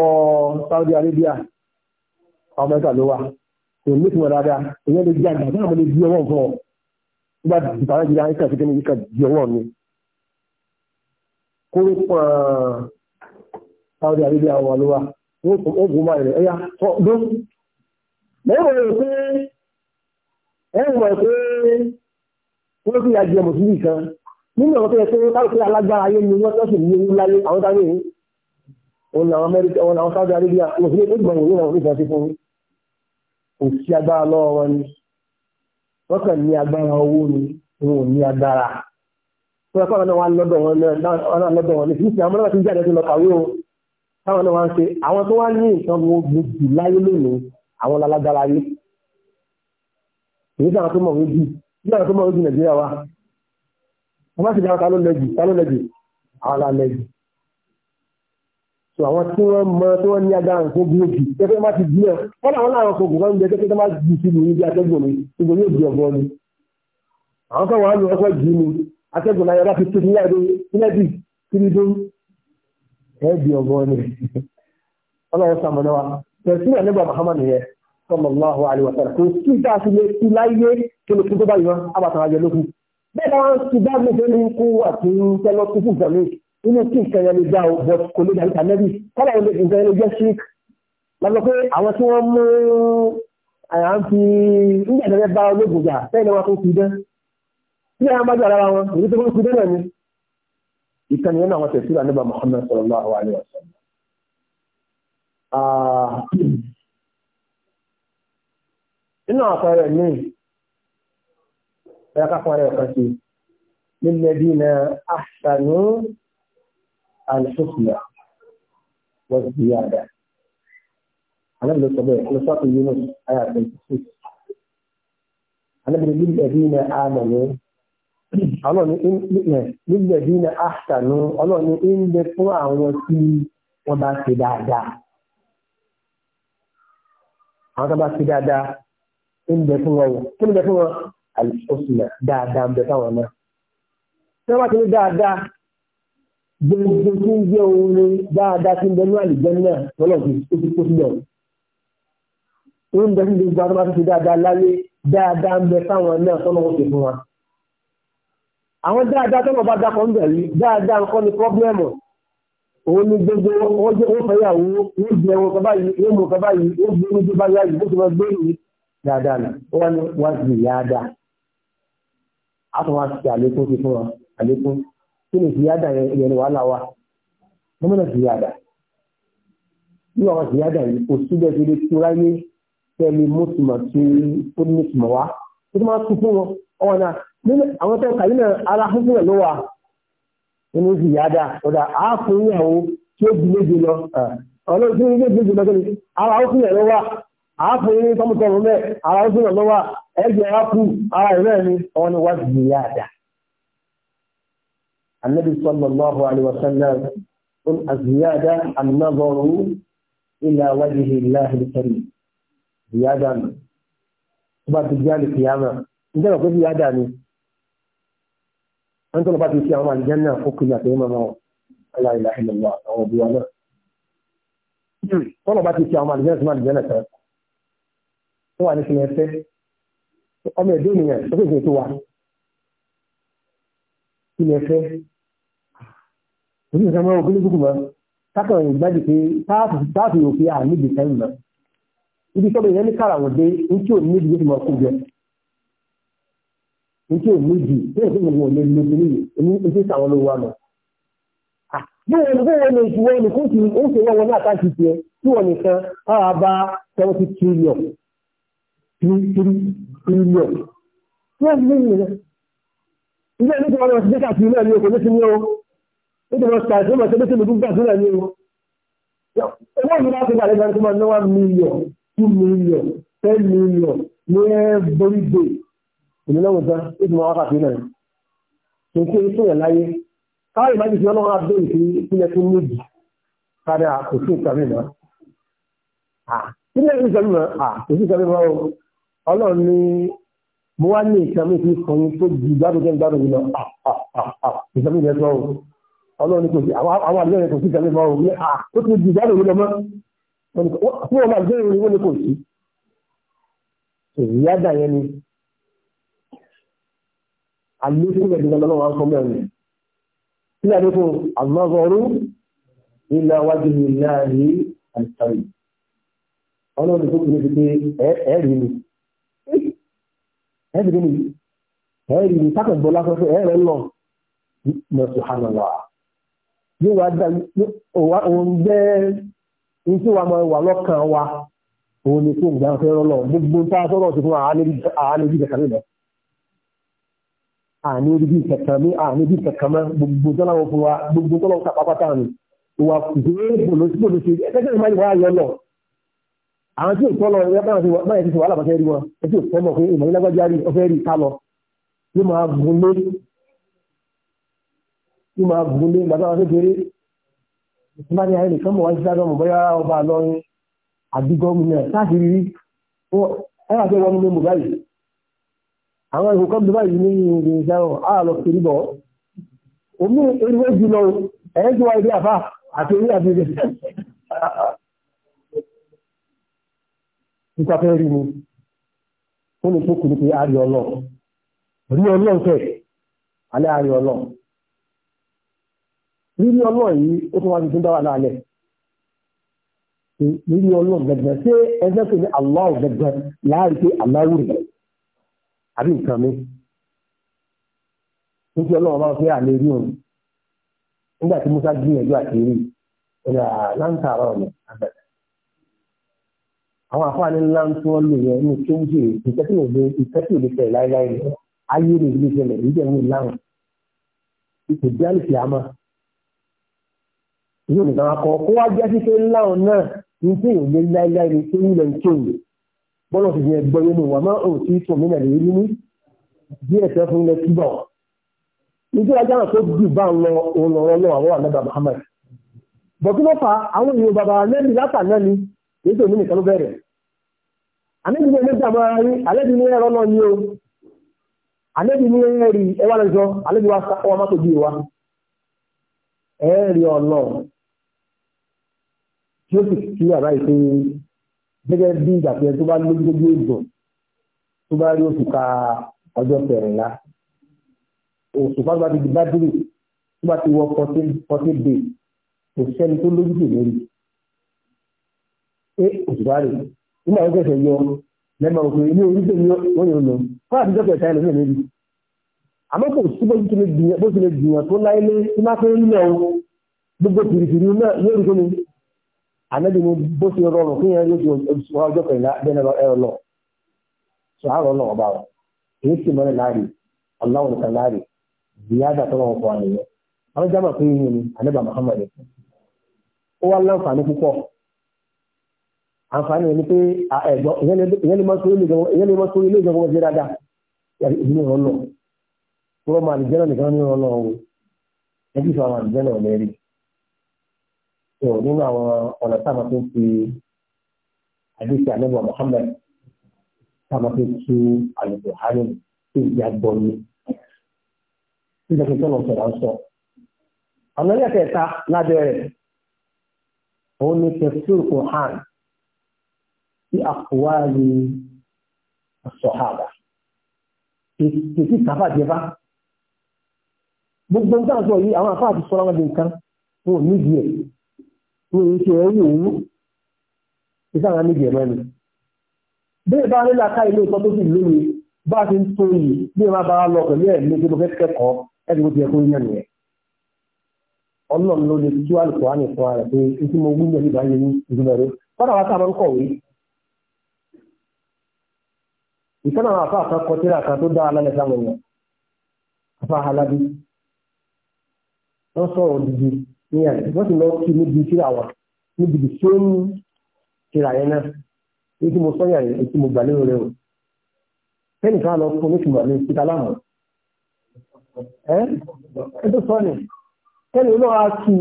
sáwùbí arábíà ọmọ ẹ̀ka ló wà kò ní ìtumọ̀ dáadáa ìyẹn lè di àgbà báwọn ọmọ lè di ọwọ́ nǹkan ọ bá dìbàrà jìnnà ayé kàṣíkẹ́ ní yíká di ọwọ́ mi. kó ló pọ̀ sáwọn ọdẹ àríbí àwọn àlúwà ó gùn máa rẹ̀ ẹ̀yà tó dún. lẹ́yìn wọ̀nyí pé ẹ̀yìn wọ̀nyí pé wọ́n fi àjẹ mùsùlùmí kan nínú ọ̀rọ̀ tó yẹ pé káàkiri alágbára ayé ni wọ́n tó sì ní ewu láyé àwọn táwọn èyí òun làwọn sáwọn ọdẹ àríbí àwọn kò sí agbára lọ́wọ́ ni wọ́n kàn ní agbára owó ni wọn ò ní agbára tó lọ́dọ̀ wọn náà lọ́dọ̀ wọn ní kí àwọn náà ti jáde tó lọ kàwé o táwọn náà wá ń ṣe àwọn tó wá ní nǹkan wo gbòdì láyé lónìí àwọn lálágbára yé èyí sáwọn tó mọ̀ jù bí àwọn tó mọ̀ jù Nàìjíríà wa wọ́n ta ló ta ló àwọn tí wọ́n mọ tí wọ́n ní agbára nǹkan gbòógì gẹ́gẹ́ bá ti gbìyàn wọ́n àwọn láwọn ọkọ̀ ògùn jẹ́ gẹ́gẹ́ bá jù sí lórí bí atẹ́gùn mi gbogbo yóò di ọ̀bọ ni. àwọn kan wàá lò ọkọ̀ jù ní atẹ́gùn láyọ̀ bá ti tó nílẹ̀ dé nílẹ̀ dì kiri dé ẹ̀ di ọ̀bọ ni. ọlọ́run sàmọ́nà wa tẹ̀sí ìyá nígbà Muhammad yẹn sallallahu alaihi wasallam kò sí ìta sí lé sí láyé kí ni kí tó bá yọ abàtàn àjẹ lókun bẹ́ẹ̀ bá wọn ti bá mi fẹ́ ní kó àti tẹ́lọ́ tó fún ìgbà mìíràn inú kí nǹkan yẹn lè dá o but kò lè dàbí tàbí kọ́lá nǹkan yẹn lè jẹ́ sick lọ́dọ̀ pé àwọn tí wọ́n mú àyà ń fi nígbà tẹ́lẹ̀ bá ológun jà sẹ́yìn wọn tó fi dán tí àwọn bá jà lára wọn èyí tó fi dán náà ni ìkànnì yẹn náà wọn tẹ̀síra nígbà Muhammad sallallahu alaihi wasallam nínú àpẹẹrẹ ní ẹ̀ka fún ara ẹ̀ka sí nílẹ̀ bí na àṣàyàn الحسنى والزيادة أنا من الطبيعي خلصات يونس آية 26 أنا من للذين آمنوا ọlọ́run nílẹ̀ bí ní àṣàánú ọlọ́run ń bẹ fún àwọn tí wọ́n bá ṣe dáadáa àwọn tó bá gbogbo tí ń jẹ́ orin dáadáa tí ń bẹ ní àlùjẹ́ náà lọ́lọ́ fi ó ti kó sílẹ̀. ó ń bẹ sí gbogbo àwọn máa fi dáadáa láyé dáadáa ń bẹ fáwọn náà tọ́nà ó ti fún wa. àwọn dáadáa tọ́nà bá dákọ̀ ń bẹ̀ rí dáadáa ń kọ́ ni pọ́blẹ́mù. òun ni gbogbo ó fẹ́yàwó ó jẹ ohun kaba yìí ó mú kaba yìí ó gbé ojú bá yáyì ó ti máa gbé yìí dáadáa nà ó wá ní wá sí ìyá dáa. a tún wá sí àlékún ti fún wa àlékún kí ni ìyáda yẹn ni wàhálà wa gómìnà ìyáda bí àwọn ìyáda yìí kò síbẹ̀ tó lè tó ráyé tẹ́lẹ̀ mọ́tìmọ̀ tí ó ní ìtumọ̀ wá tó tó máa tún fún wọn ọ̀wọ́n náà nínú àwọn tó ń kàlí náà ara fúnfún ẹ̀ ló wà nínú ìyáda ọ̀dà àáfún ìyàwó tí ó di méje lọ ọlọ́run tí ó di méje lọ kẹ́lẹ́ ara ó fún ẹ̀ ló wà àáfún ìyàwó tọmọtọmọ mẹ́ ara ó fún ẹ̀ ló wà ẹ̀jẹ̀ á kú ara ìrẹ́ ni ọ̀wọ́n ni wá ìyáda النبي صلى الله عليه وسلم قل الزيادة النظر إلى وجه الله الكريم زيادة تبقى تجال القيامة إنت لو قلت زيادة أنت لو بات في الجنة حكم يا لا إله إلا الله أو بيانا tọ́lọ̀ bá ti ṣe àwọn àdìjẹ́ ìsinmi àdìjẹ́ nẹ̀tẹ̀ tó wà ní sinmi ẹsẹ̀ ọmọ ẹ̀dẹ́ orí ìsọmọ òkúlé gúgù mọ́ kákan ìgbàdì pé táàfì òfin à níbi sẹ́yìn mọ́ ibi sọ́bẹ̀ ìyẹn ní kàràwọ̀ dé ní tí ò ní ìdí yóò mọ̀ kú jẹ ní tí ò ní ìdí tí ò ní ìwọ̀n lè lo sí níyì ní ìdí sàwọn ló wà mọ́. bóyá ní bóyá ní ìṣúwọ́ ní kó ti ó ṣe wọ́n wọn ní àkáǹtì tiẹ̀ tí wọ́n nìkan ara bá seventy trillion three trillion tí wọ́n ti ní ìrìn rẹ̀ ilé ìlú tí wọ́n lọ sí ó tẹ̀lé ọ̀sán àti ọmọ ìṣẹ́lẹ̀ tẹ̀lé gbogbo àti ìrìn àyẹ̀wò owó ìlú láti gbà lẹ́gbẹ̀ẹ́ tó máa náwà mílíọ̀n two mílíọ̀n ten mílíọ̀n ní every day ìmúlẹ́wọ̀n tán ó ti máa wákàtí náà kò kí n sóyàn láyé káàrí máa jìsí ọlọ́run abẹ́ ìfi sílẹ̀ tó méjì kárí àkókò ìkàmì náà sílẹ̀ ìkàmì náà àkókò ìkàmì náà ọlọ́run ní mo wá ní ìkàmì tí fọyín tó ju gbádùn jẹ́ gbádùn yìí lọ ìkàmì yẹn sọ́run ọlọ́run kò sí àwọn àlẹ́rẹ̀ kò sí ìjẹ́lẹ̀ máa wò ní à ah, tó ti di ìjálè òun lọ́mọ́ fún ọmọ àgbẹ̀rẹ̀ òun ni kò sí ìyáda yẹn ni àlékún ẹ̀dùn ọlọ́run wa ń sọ mẹ́rin yóò wá dá òun jẹ́ ní tí wàá máa wà lọ́kàn wa òun ni kó gbà fẹ́ rọ́lọ́ gbogbo tá a sọ̀rọ̀ sí fún àánú bí kẹ̀kẹ́ lọ. àánú bí kẹ̀kẹ́ mi àánú bí kẹ̀kẹ́ mọ́ gbogbo tọ́lá wọn fún wa gbogbo tọ́lá wọn pàpàtà ni ìwà kùsùn bòlòsíbòlò ṣe ẹgbẹ́ ìmọ̀ ìwà ayọ̀ lọ. àwọn tí ò tọ́ lọ ẹgbẹ́ báyìí ti wàhálà bá fẹ́ wọn ẹ tí ò tọ́ mọ̀ pé ìmọ̀ tí máa gùn lé gbàgbà wọn kékeré ìtura ní ayé nìkan mọ̀ wá sí sádọ́mù bóyá ọba lọ́rin àbí gómìnà láti rí ẹ wà tó wọnú mímú báyìí àwọn ìhùn kan bí báyìí ní ìrìn ìṣẹ́wọ̀n á lọ sí ìbọ̀ omi ewé jùlọ ẹ̀yẹ́ tí wọ́n ilé àfà àti orí àti ilé nípa fẹ́ rí ni ó ní tó kù ní pé a rí ọlọ́ọ̀ rí ọlọ́ọ̀ fẹ́ alẹ́ a rí ọlọ́ọ̀ rírí ọlọ́run yìí ó tún wá fi tún dá wà láàlẹ̀ rírí ọlọ́run gẹ̀gẹ̀ ṣé ẹgbẹ́ pé ní aláwọ̀ láàrin pé aláwọ̀ rẹ̀ àbí nǹkan mi ọlọ́run Musa gbìyànjú àti rí ah, ọ̀nà àwọn ńlá ń tún lò yẹn yóò nìkan akọ kó wá jẹ́ sípé láwọn náà ní tí èèyàn lé láéláé ní tó nílẹ̀ ń kéwì bọ́lá ti yẹn gbọ́ yẹn nù wà máa ń tí tòmí nà lè rí ní díẹ̀ tẹ́ fún ilẹ̀ túbọ̀ nítorí ajá náà tó dùn bá ń lọ òun lọ́rọ́ lọ́wọ́ àwọn àlẹ́bà Muhammad bọ̀kúlọ́fà àwọn èèyàn bàbá anẹ́bí látàná ni èyí tó ní nìkan ló bẹ̀rẹ̀ anẹ́bí ní ẹlẹ́gbẹ̀ àmọ́ ara yín anẹ́bí ní ẹ̀rọ náà ni o anẹ́bí ní ẹ̀rí ẹwà lẹ́jọ́ anẹ́bí wa sá ọmọ mọ́tò bíi wa ẹ̀rí ọlọ́run tí ó sì kí àbá ìpín gẹ́gẹ́ bí ìgbà pé tó bá lójú gbogbo ìgbọ̀n tó bá rí oṣù ka ọjọ́ kẹrìnlá oṣù bá gba ti di bádìrì tó bá ti wọ fourteen fourteen day kò sẹ́ni tó lójú tò lórí pé oṣù bá rè nígbà tó kẹsẹ̀ yọ lẹ́mọ̀ òkè ilé orí tèmi wọ́n yóò lọ fún àtijọ́ kẹta ẹ̀ lónìí lórí àmọ́ kò sí bó ti lè gbìyànjú tó láyé lé tí má fẹ́ ń lọ gbogbo tìrìtìrì náà yóò rí kí ni ànábì ni bó ṣe rọrùn fún yẹn lóṣù ọjọ́ kẹrìnlá bẹ́ẹ̀ náà ẹ̀rọ lọ sọ àárọ̀ náà ọba wa èyí sì mọ́lẹ̀ láàrin ọ̀làwọ̀ nìkan láàrin ìyáàdà tó wọn kọ àyẹ̀yẹ àwọn jábà pé yín ni ànábà Muhammad ó wá láǹfààní púpọ̀ àǹfààní ni pé ẹ̀gbọ́n ìyẹn lè mọ́ sórí ilé ìjọba wọn ṣe dáadáa ìdílé ìrànlọ́ wọ́n máa nìjẹ́ náà nìkan ní ìrànlọ́ ẹ̀jú sọ àwọn àdìjẹ́ náà lẹ́rìí so nínú àwọn ọ̀nà tá a máa fi ń fi àdéhùn àlẹ́bọ̀ Muhammad tá a máa fi tú àlùkò hánìm tí ìyá gbọ́ ni nígbà tó tọ́nà sọ̀rọ̀ ń sọ. ọ̀nà ẹlẹ́kẹ̀ẹ́ta lábẹ́ rẹ̀ òun ni tafsir Qur'an sí àkùwárí sọ̀hábà kìkì kàfàjẹfà gbogbo nǹkan sọ yìí àwọn afáàtì sọ́ra wọn di nǹkan wọn nídìí ẹ̀ ní ìṣe ẹ̀wù owó ìsára méjì ẹ̀mọ́ ni bẹ́ẹ̀ bá nílá ká ilé ìtọ́ tó sì lóye bá ti ń tó yìí bí wọ́n bá lọ pẹ̀lú ẹ̀ méjì mo fẹ́ kẹ́kọ̀ọ́ ẹ̀dì mo ti ẹ̀kọ́ yíyan nìyẹn ọlọ́run ló lè tú àlùkò á nìkan rẹ̀ pé n tí mo wí ní ìgbà yẹn ní ìdúnà rẹ̀ kọ́dà wá sábà ń kọ̀wé ìkànnà àwọn àfa àkan kọ tíra kan tó dá alálẹ̀ sáwọn èèyàn àfa alábí wọ́n sọ̀rọ̀ dídí ní ẹ̀ wọ́n sì lọ kí níbi tíra wa níbi tí ó ń tíra yẹn náà èyí tí mo sọ́yà rẹ̀ èyí tí mo gbà lérò rẹ̀ o fẹ́ni ká lọ fún oníṣùmọ̀ ní ìpítà láàmú ẹ́ ẹ́ tó sọ ni fẹ́ni olóòwò á kí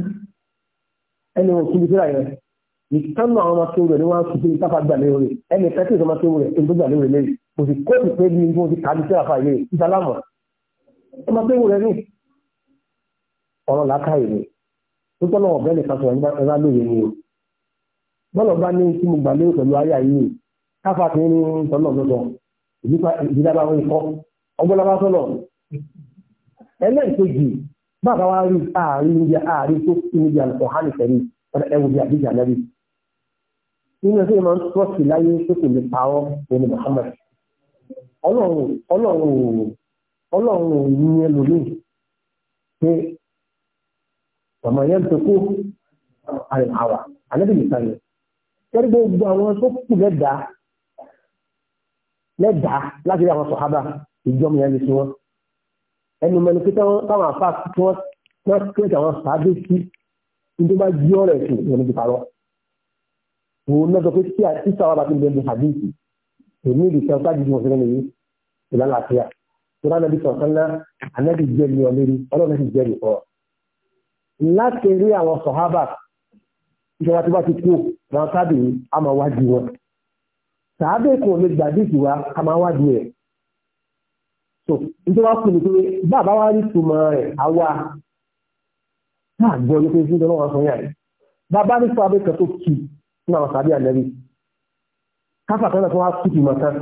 ẹni òkú níbi tíra yẹn ìtànà àwọn ọmọ kéwù rẹ̀ ni wọ́n á sùn sí ìtàfà gbà lérò rẹ̀ ẹni kẹ́kẹ́ ìtànà kéwù rẹ̀ èyí tó gbà lérò rẹ̀ kò sì kóòtù pé bí mo ti kàdí sí àfà ilé ìtàlámọ̀ ọmọ kéwù rẹ̀ ní ọ̀rọ̀ làákàyè tó tọ́lọ̀ ọ̀bẹ́ nìkan sọ̀rọ̀ ẹ̀rá lóye ni o bọ́lọ̀ bá ní tí mo gbà lérò pẹ̀lú ayé yìí káfà kí ní tọ́lọ̀ lọ́dọ̀ ìdílábà wọn ikọ́ ọgbọ́lábá tọ́lọ̀ ẹlẹ́ẹ̀kejì bàbá wa rí ààrin níbi ààrin tó kí níbi àlùkò hàn ìfẹ̀rí ẹwù bí àbíjà lẹ́rí nínú ẹgbẹ́ ìmọ̀ tọ́sí láyé tó kò lè parọ́ òní Muhammad ọlọ́run ọlọ́run ọlọ́run ìyẹn lòlóyìn ọmọ yẹn tó kó àwà ànábì nìkan yẹn kẹ́rí gbogbo àwọn tó kù lẹ́dàá lẹ́dàá láti rí àwọn sọ̀hábà ìjọba yẹn lè fi wọn ẹnu mẹnu pé táwọn àfa tí wọ́n wọ́n kẹ́kẹ́ àwọn sàádé sí nítorí bá jí ọ̀rọ̀ ẹ̀sìn ìwọ̀n níbi parọ́ òun náà sọ pé tí àtìsà wà bá ti bẹ̀rẹ̀ àdéhìí èmi ìdí sọ sáà dídí wọn sílẹ̀ nìyí ìlànà àfíà tó bá nàbí sọ̀tán náà ànábì jẹ́rìí ọ̀lẹ́rìí ọlọ́run náà sì jẹ́rìí ọ̀ láti rí àwọn sọ̀hábà ìjọba tó bá ti kú wọn sábì ní a máa wájú wọn sàábẹ̀ lè wa a máa wájú ẹ̀ so ìjọba kù ní pé bàbá wa rí túmọ̀ rẹ̀ àwa náà gbọ́ ní pé fún ìjọba wọn sọ yà rẹ̀ bàbá ní sàábẹ̀ kan tó kì àwọn sàábẹ̀ káfà kan náà tó wá kan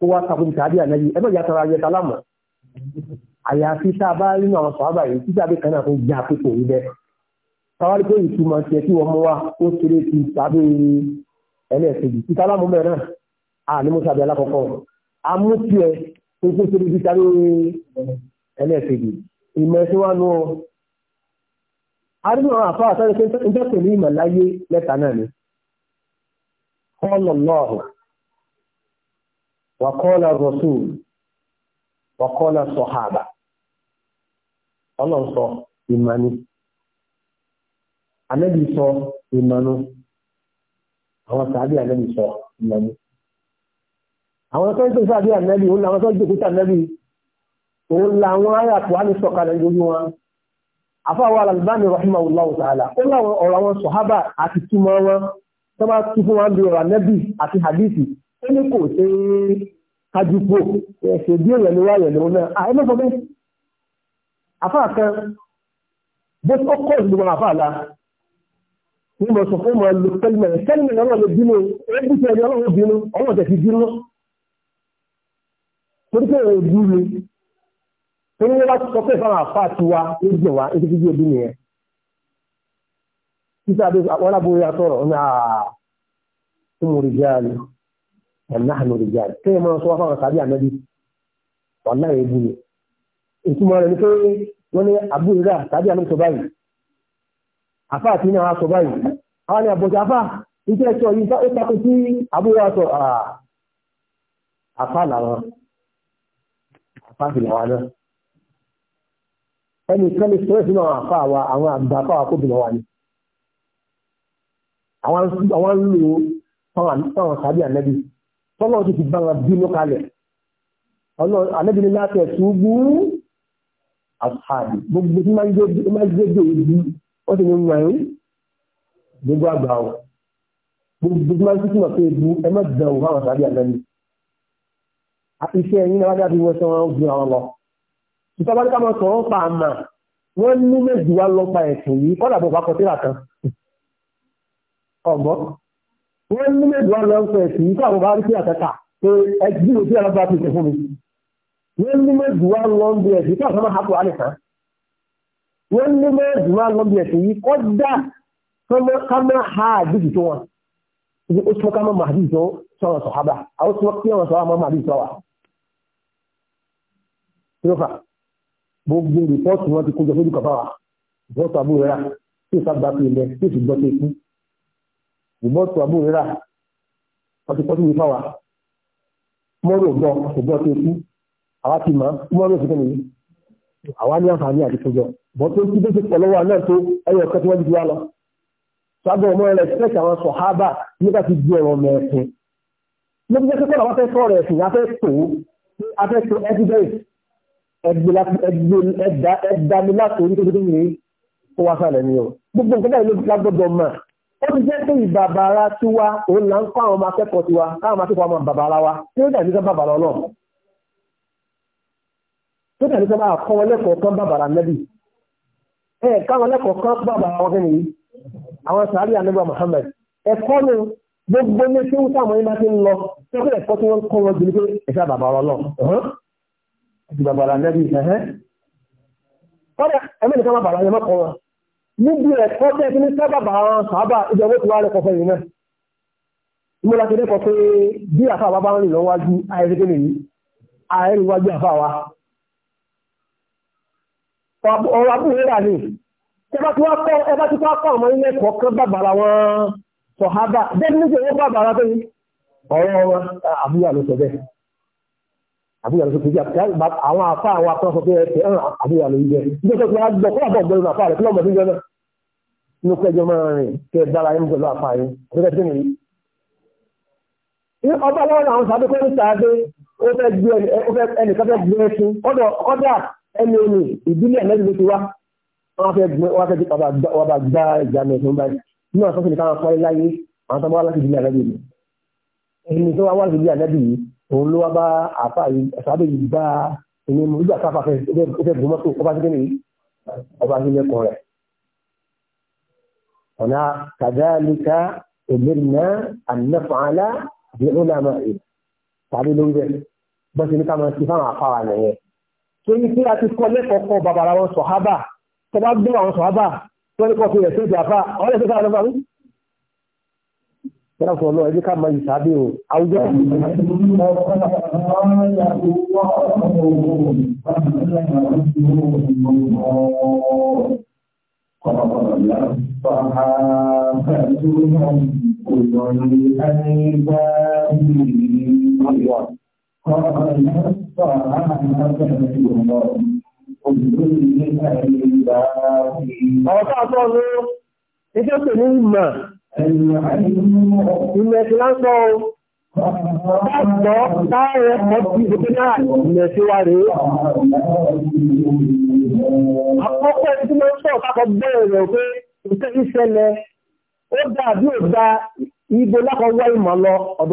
tó wá sàkóso sàábẹ̀ ẹgbẹ́ àyàfi tá a bá rí àwọn sọ̀rọ̀ yìí títí àbí kan náà fún ìjà pípò yìí bẹ́ẹ̀. káwárí pé ìtumọ̀ tiẹ̀ tí wọ́n mú wa ó kéré ti tàbí ẹlẹ́ẹ̀kejì títí alámú bẹ́ẹ̀ náà àní mo sàbẹ̀ alákọ̀ọ́kọ́ amú tiẹ̀ tó tó kéré ti tàbí ẹlẹ́ẹ̀kejì ìmọ̀ ẹ̀sìn wa nù ọ́. arínú àwọn àfáà sáré pé ń tẹ́kọ̀ọ́ ní ìmọ̀ láyé lẹ́ta náà ni qala Allah wa qala Rasul ọ̀kọ́lá sọ̀hábà ọlọ́sọ ìmọ̀ni anẹ́bí sọ ìmọ̀nu àwọn sàbí anẹ́bí sọ ìmọ̀ni àwọn tó ń tó sàbí anẹ́bí òun làwọn tó ń jòkúta anẹ́bí òun làwọn ayàpọ̀ á ní sọ̀kalẹ̀ lórí wọn afáwọn alàlùbáni rahimahullahu ta'ala ó láwọn ọ̀rọ̀ àwọn sọ̀hábà àti túmọ̀ wọn tó bá tún fún wọn bí ọ̀rọ̀ anẹ́bí àti hadithi ó ní kò ṣeé àdùpò ẹ̀sẹ̀ bí èèyàn ni wá èèyàn lòun náà àìmọ́ sọ bẹ́ẹ̀ àfáà kan bó tó kọ́ ìlú wọn àfáà la ní mo sọ fún mo lu kẹlìmẹ̀ kẹlìmẹ̀ náà lọ bínú ẹbí tí ẹni ọlọ́run bínú ọwọ́ tẹ̀ fi bínú torí pé èèyàn bú mi torí wọn bá sọ pé ìfọwọ́n àfáà ti wá ó jẹ wá ó ti fi bí ebi nìyẹn títí àbí wọn lábúrò yà sọ̀rọ̀ ọ̀nà àà tó mo rí jẹ́ wàláhàn òrìjà kéèyàn máa sọ wá fáwọn sàbí ànábì wàláhàn ebu ni ìtumọ̀ rẹ̀ ni pé wọ́n ní àbúrò sàbí ànábì sọ báyìí afa àti iná sọ báyìí àwọn ni àbọ̀jà àfa iṣẹ́ ẹ̀ṣọ́ yìí ó takò sí àbúrò sọ afa ah, làwọn àfa sì làwọn náà ẹnì kan lè sọ́rọ̀ sínú àwọn àfa àwọn àgbà afa kó bìnà wa ni àwọn ń lò fáwọn tọ́lọ́ ti ti bá wọn bínú kalẹ̀ alẹ́bìnrin láti ẹ̀sùn gbúrú àṣàdì gbogbo tí máa ń gbégbé ìlú wọ́n ti ní wọ̀nyí gbogbo àgbà ọ̀ gbogbo tí máa ń sísúnmọ̀ pé ebu ẹ má dàn ọ̀ fáwọn àṣàdì àlẹ́ni iṣẹ́ ẹ̀yìn náà wájà bí wọ́n sọ wọn ju àwọn lọ ìta bá ní ká máa sọ̀rọ̀ pa àmà wọ́n ní méjì wá lọ pa ẹ̀sùn yìí kọ́dà bọ̀ bá kọtíra kan ọ̀gbọ́n wọ́n ní méjì wọn lọ sọ ẹ̀sìn nípa àwọn bá rí sí àtẹ́ta pé ẹgbẹ́ ìwé tí ẹ̀rọ bá ti tẹ̀ fún mi wọ́n ní méjì wọn lọ ń bí ẹ̀sìn nípa àwọn àpò àlẹ́sàn wọ́n ní méjì wọn lọ ń bí ẹ̀sìn yìí kọ́dà kámẹ́ ha àdìsí tó wọn ibi ó sọ kámẹ́ màdì tó sọ̀rọ̀ sọ̀hábà àwọn sọ kí wọ́n sọ̀rọ̀ àwọn màdì tó wà. kílófà gbogbo rìpọ́ọ̀tù wọn ti kó jọ sójú kọ ìbọ́tù àbúrérà wọ́n ti pọ́tù wípá wa mọ́rò gbọ́ ògbọ́ tó kú àwa ti mọ̀ mọ́rò sí kẹ́mi àwa ní àǹfààní àti tó jọ bọ́ tó kú tó ti pọ̀ lọ́wọ́ náà tó ẹyọ ọ̀kẹ́ tí wọ́n ti wá lọ sábà ọmọ rẹ̀ ṣẹ́ẹ̀kì àwọn sọ̀hábà nígbà tí di ọ̀rọ̀ mẹ́ẹ̀sìn lóbi jẹ́ pé wọ́n fẹ́ sọ rẹ̀ afẹ́ tó afẹ́ tó evidence ẹgbẹ́ ẹgbẹ́ ẹgbẹ́ mi látòrí tó ni o gbogbo nǹkan báyìí ló ó ti jẹ́ pé ìbàbàrà tiwa òun là ń kọ́ àwọn ọmọ akẹ́kọ̀ọ́ tiwa káwọn ọmọ akẹ́kọ̀ọ́ ọmọ bàbàrà wa tí ó dàbí kan bàbàrà ọlọ́run tó dàbí kan bá kọ́ wọn lẹ́kọ̀ọ́ kan bàbàrà nẹ́bì ẹ káwọn lẹ́kọ̀ọ́ kan bàbàrà wọn kẹ́ni yìí àwọn sàárì ànábì Muhammad ẹ̀kọ́ ni gbogbo ní tí wọ́n táwọn yín bá ti ń lọ tó kí ẹ̀kọ́ tí wọ́n kọ́ wọn jù ní pé ẹ̀ṣá bàbàrà ọlọ́run bàbàrà nẹ́bì ẹ̀hẹ́ kọ́dà ẹ̀mẹ́nìkan bàbàrà ẹ̀ níbi ẹ̀kọ́ bẹ́ẹ̀ tí ní sábàbà àwọn sábà ìjọba tí wà lẹ́kọ̀ọ́ fẹ́ yìí náà mo láti lẹ́kọ̀ọ́ pé bí àfa wa bá ń rìn lọ́wájú ayẹyẹ nìyí ààrẹ wájú àfa wa ọ̀rọ̀ abúlé rà ní ẹbá tí wọ́n kọ́ ẹbá tí wọ́n kọ́ ọmọ ilé ẹ̀kọ́ kan bàbàrà wọn sọ̀hábà bẹ́ẹ̀ níjẹ́ wọ́n bàbàrà tó yìí ọ̀rọ̀ wọn àbúyà ló sọ bẹ́ẹ̀ àbúyà ló sọ pé àwọn àfa àwọn akọ́ sọ pé ẹ̀ àbúyà ló yẹ ìjọba tí wọ́n gbọ́ kọ́ àbọ̀ gbẹ́rù àfa rẹ̀ kí lọ́mọdé yẹn náà inú kẹjọ máa rìn kẹ dára yín pẹ̀lú àfààní ọ̀dọ́kẹ́ tí nìyí. ọba wọn làwọn sábẹ́ kọ́ níta dé ó fẹ́ gbé ẹnìkan fẹ́ gbé ẹṣin ọ̀dọ̀ ọ̀dà ẹni omi ìbílẹ̀ mẹ́rin ló ti wá wọn fẹ́ gbé wọn fẹ́ wọn bá gbá ìjà mẹ́rin báyìí nínú àtọ́sí nìkan wọn kọ́lé láyé àwọn tó bá wá láti ìbílẹ̀ ànábì yìí ẹni tó wá wá láti ìbílẹ̀ ànábì yìí òun ló wá bá àfa yìí sábẹ́ yìí bá ẹni mú ìgbà káfà fẹ́ gbọmọ́tò ọba sí هنا كذلك òmìnira ànáfààlà bí ó lámà ẹ̀ tàbí ló ń bẹ̀ bọ́sí ní ká máa ti fáwọn afárá nìyẹn. tó ní kí a ti kọ́ lẹ́kọ̀ọ́kọ́ babalá wọn sọ̀hábà tó bá gbé àwọn sọ̀hábà tó ní kọ́ fi rẹ̀ sí ìjà fà àwọn ká máa yìí sábẹ́ o, àwùjọ. قال صحابتهم أولي الألباب قال صحابتهم أولي الألباب Iṣẹ́ pè ní ìmọ̀, ìmọ̀ ẹ̀sìn lásán o, láàpọ̀ láàrẹ ọdún ìgbẹ̀kẹ́ náà ìmọ̀ Àkọ́kọ́ ẹni tí mo sọ sọ̀rọ̀ kákọ̀ pé nǹkan ìṣẹ̀lẹ̀ ó dàbí ò da lọ ọ̀dọ̀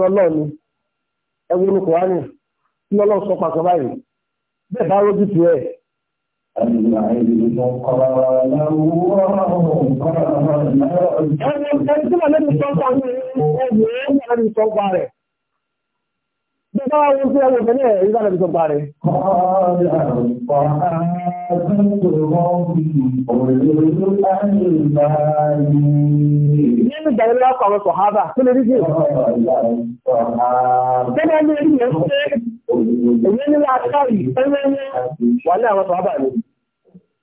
ọlọ́ọ̀ni. Ẹ wo orúkọ ọlọ́run sọ pàṣẹ báyìí. Bẹ́ẹ̀ bá rójú tu ẹ̀. Ẹni tí sọ́kọ̀ Bẹ́bá wọn tí ẹwọ tẹ́lẹ̀ ìgbàlẹ̀ bí sọpá rẹ̀. Nínú ìgbàlẹ̀ ọkọ̀ àwọn sọ̀hábà tó lè rí sí ìgbàlẹ̀ ní orí ẹ̀ ṣe èyí ní látàrí ẹgbẹ̀rẹ̀ wà ní àwọn sọ̀hábà rẹ̀.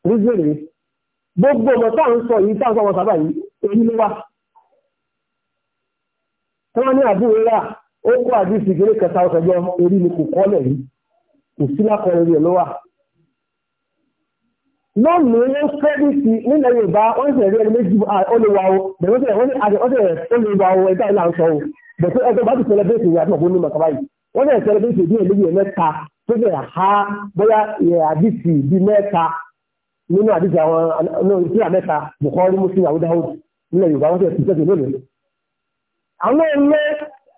Rí sí rẹ̀. Gbogbo ọmọ táà ń sọ yìí táà ń sọ ọmọ sọ̀hábà yìí, èyí ló wà. Wọ́n ní àbúrò ó kó àdísì kéré kẹta ọ̀sẹ̀jọ́ orí ni kò kọ́lẹ̀ rí kò sí lákọ̀ọ́lẹ̀ rẹ̀ ló wà. lónìí ó kẹ́dìtì nílẹ̀ yorùbá ó ń sẹ̀rí ẹni méjì olùwà o bẹ̀rẹ̀ wọ́n olùwà o ẹ̀dá ìlà ń sọ o bẹ̀rẹ̀ ẹgbẹ́ bá ti sẹlẹ̀bẹ̀tì àti ọ̀gbọ́n ní yìí wọ́n sẹlẹ̀bẹ̀tì tó bẹ̀rẹ̀ ha bóyá àdìsì bí mẹ́ta nínú àdìsì àwọn mẹ́ta nílẹ̀ yorùbá wọ́n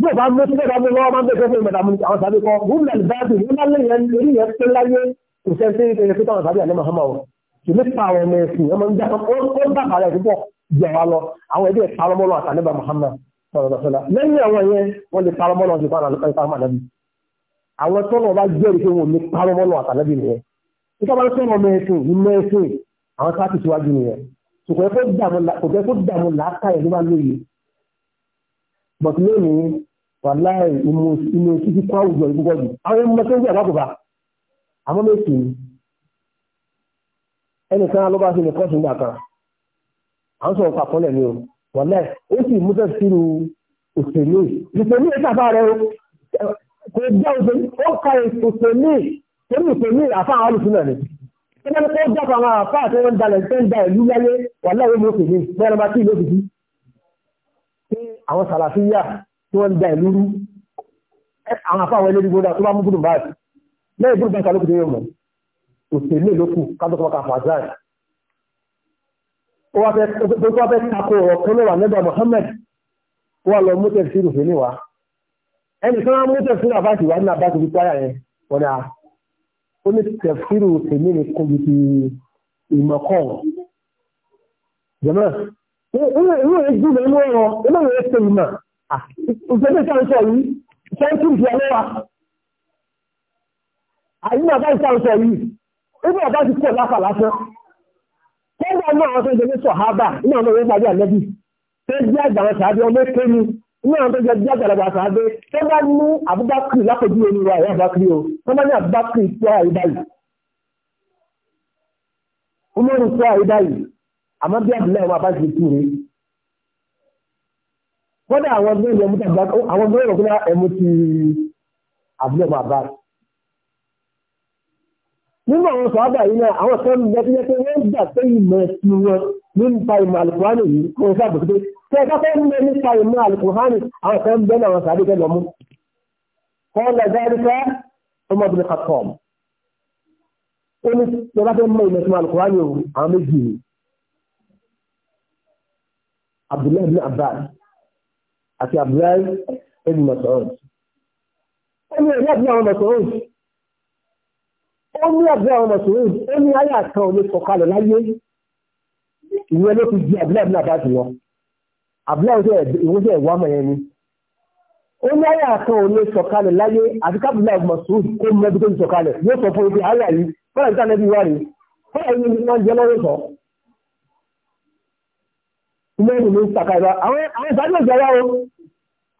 bí o bá mú tí bẹ́ẹ̀ bá mú lọ́wọ́ máa ń bẹ̀rẹ̀ fún ìmọ̀ta mú àwọn sàbí kan wúlù náà bá dùn wọ́n bá léyìn orí yẹn pé láyé kò sẹ́ sí ẹ̀yẹ pé táwọn sàbí àlẹ́ mahama o kì ní pa àwọn ọmọ ẹ̀sìn ọmọ ń dáná ó ń bàbà rẹ̀ púpọ̀ jẹ wa lọ àwọn ẹbí ẹ̀ parọ́mọ́lọ́ àtàlẹ́bà mahama sọ̀rọ̀sọ̀lá lẹ́yìn àwọn yẹn wọ́n lè parọ́mọ́lọ́ ti àwọn wàláì inú títí kọ́ àwùjọ ìgbúgbọ́ jù àwọn ọmọ tó ń gbà lábùbá àmọ́ méjì ni ẹnìkan ló bá ṣe lè kọ́sùn ìgbà kan à ń sọ̀rọ̀ pàpọ́lẹ̀ ni o wàláì ó sì mú fẹ́ sínú òṣèlú òṣèlú ìṣàfà rẹ o kò jẹ́ òṣèlú ó ka òṣèlú torí òṣèlú àfa àwọn olùsùn ni kí wọ́n tó jápa àwọn àfa àti wọn dalẹ̀ tẹ́ ń da ìlú láyé wàláì ó mú òṣèlú bẹ́ẹ̀ ni tí wọ́n ń da ìlú rú àwọn afáwọn ẹlẹ́rí gbọ́dá tó bá mú gúdùn báyìí lẹ́yìn gúdùn báyìí kálókù tó yẹ mọ̀ òṣèlú lókù kátó kọ́ kàfà zan ó wá fẹ́ tako ọ̀rọ̀ kan lọ́wọ́ nígbà Muhammad wà lọ mú tẹ̀sí rùfẹ́ níwá ẹnì kan mú tẹ̀sí rùfẹ́ àbáṣe wà nínú àbáṣe wípé ayà yẹn Ah, ìfẹ́lẹ́sà ń sọ yìí sẹ́ńtúrì ti ọlọ́wà àyíká bá ìsà ń sọ yìí ibi ọ̀gá ti pọ̀ láfà lásán kọ́ńdà náà àwọn tó ń jẹ́ sọ̀hábà ní àwọn ọmọ ìgbàgbé àlẹ́bí tó jẹ́ àgbàrá sàábé ọmọ èké ni ní àwọn tó jẹ́ jẹ́ àgbàlagbà sàábé tó bá ní Abubakar lápòjú omi wa ìyá Abubakar o tó bá ní Abubakar tó àyè báyìí Umaru tó àyè báyìí àmọ́ bí Abdullahi wọn kódà àwọn ọdún ìlú ọmọdé àgbà àwọn ọdún ìlú ọmọdé ẹmu ti àbúrò bàbá nínú àwọn sọ́ọ́bà yìí náà àwọn sọ́ọ́bà yìí bẹ́ẹ̀ pé wọ́n gbà pé ìmọ̀ ẹ̀sìn wọn nípa ìmọ̀ àlùkùránì yìí kò ń sábà pé tẹ ẹ fẹ́ mọ nípa ìmọ̀ àlùkùránì àwọn kan ń bẹ́ẹ̀ àwọn sàbí kẹlọ mú Abdullahi bin Abbas àti abdullahi ibn masoud ẹni ẹ̀rí abdullahi ibn masoud ó ní abdullahi ibn masoud ó ní ayé àkàn òní sọ̀kalẹ̀ láyé ìwé ló fi di abdullahi ibn abbas lọ abdullahi ìwé jẹ́ ìwà mọ̀ yẹn ni ó ní ayé àkàn òní sọ̀kalẹ̀ láyé àti kábùlá ibn masoud kó mú ẹbí tó ń sọ̀kalẹ̀ yóò sọ fún ibi ayé yìí fọ́nà níta nẹ́bí wà rí fọ́nà yìí wọ́n jẹ́ lọ́wọ́ sọ ilé ìlú ń sàkàrà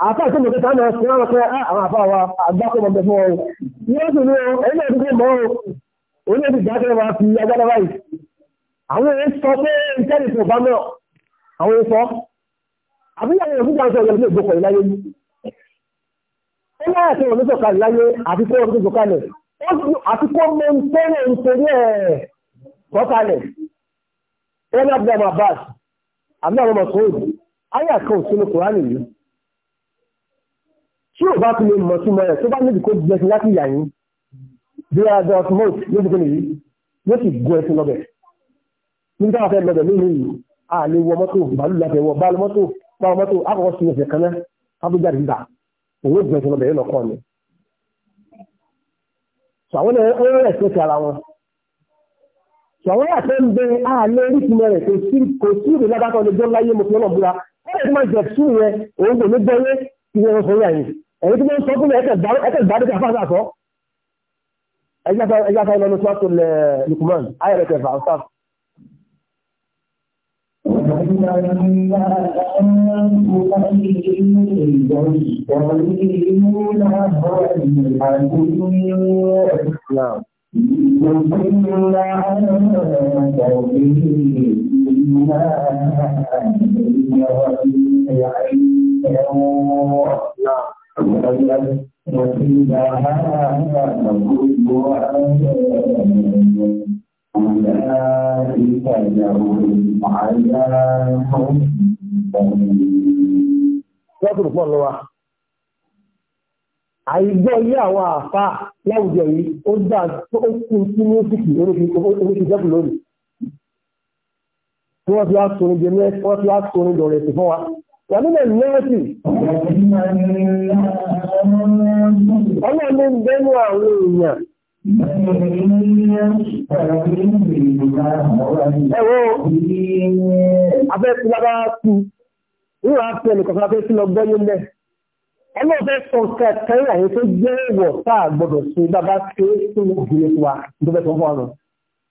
àtà ìsinmi tó tánà sí àwọn ọkọ̀ àwọn àfáwà àgbákọ̀mọ̀ bẹ̀fọ́ ọ̀rọ̀ yóò sì ní ọ̀rọ̀ ẹ̀dùn tó mọ́ orí ẹ̀dùn dákẹ́ wa fi agbára báyìí àwọn èèyàn sọ pé ìtẹ́lẹ̀ tó bá náà àwọn èèyàn sọ àbíyàwó òfin kan sọ ìyẹn ìgbòkọ̀ ìláyé ó láyà tó òní sọ̀kà ìláyé àti kó òní sọ̀kà lẹ̀ àti kó mọ ntẹ́rẹ̀ nítorí ẹ̀ sọ̀kalẹ̀ ẹ̀rọ abdul abbas abdul abbas ayé àkọ́ òsínú kùránì yìí tí ò bá fi lè mọ̀ sí mọ̀ ẹ̀ tó bá níbi kó jẹ́ sí láti yà yín bí a dọ̀ ọ̀tún mọ́ọ̀tì ló dúkọ́ nìyí yóò sì gun ẹsìn lọ́bẹ̀ nígbà wọn fẹ́ lọ́bẹ̀ nínú yìí a lè wọ mọ́tò bàálù láti wọ bàálù mọ́tò báwọn mọ́tò akọ̀kọ̀ sí ẹsẹ̀ kan náà abújáde níta òun gun lọ́bẹ̀ yóò lọ́kọ́ ni. sọ àwọn ẹ̀rẹ́ ẹ̀sẹ̀ ti ara wọn sọ àwọn ẹ̀sẹ̀ ń bẹ a lè rí tìmọ̀ rẹ̀ kò sí ẹ̀yìn tí mo ń sọ fún mi ẹ̀kẹ́ ìgbàdókè àfáàsà sọ ẹjá ká ìlọ́nu tó lẹ̀ Lukman ayẹ̀rẹ̀ kẹfà ọ̀sá. Now. Now. Lọ́kùnrin pọ̀ lọ́wà. Àìgbọ́ ilé àwọn àfá láwùjọ yìí, ó dá tó kún sí músìkì oríkì jẹ́kù lónìí. Tí wọ́n ti wá sọ́rin jẹ́ mẹ́ wàmínà lẹ́ẹ̀sì ọlọ́ọ̀lẹ́ bẹ́nu àwọn èèyàn ẹ̀wọ́ afẹ́sílábá tú níwà tí ẹnìkọ̀ọ́fẹ́ afẹ́ sí lọ gbọ́yé lẹ́ ọlọ́ọ̀fẹ́ sọ kẹtẹ́rẹ̀ àyẹ́ tó jẹ́ ìwọ̀ táà gbọ́dọ̀ sí bàbá tí ó sí ìgbìyànjú wa tó bẹ́ tó fọ́ ọ̀rọ̀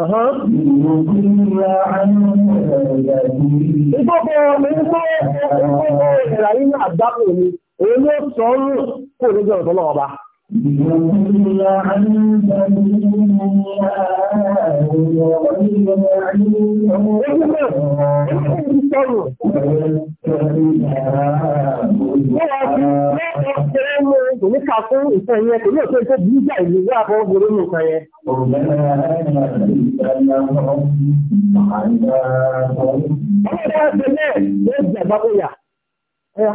Ìgbọ́gbọ́ ìgbọ́ ìràyìn àgbákò ni, èyí ló sọ kò ní jẹ́ ọ̀tọ́lọ́ọba. ليضل عن سبيل الله وغير علم Kò ní ká fún ìfẹ́ yẹn, kò ní òṣèré tó bí ìjà ìlú wà fún obìnrin nìkan yẹn. Ọ̀rẹ́ ẹgbẹ́ náà ló jẹ̀gbá bóyá. Ẹyá,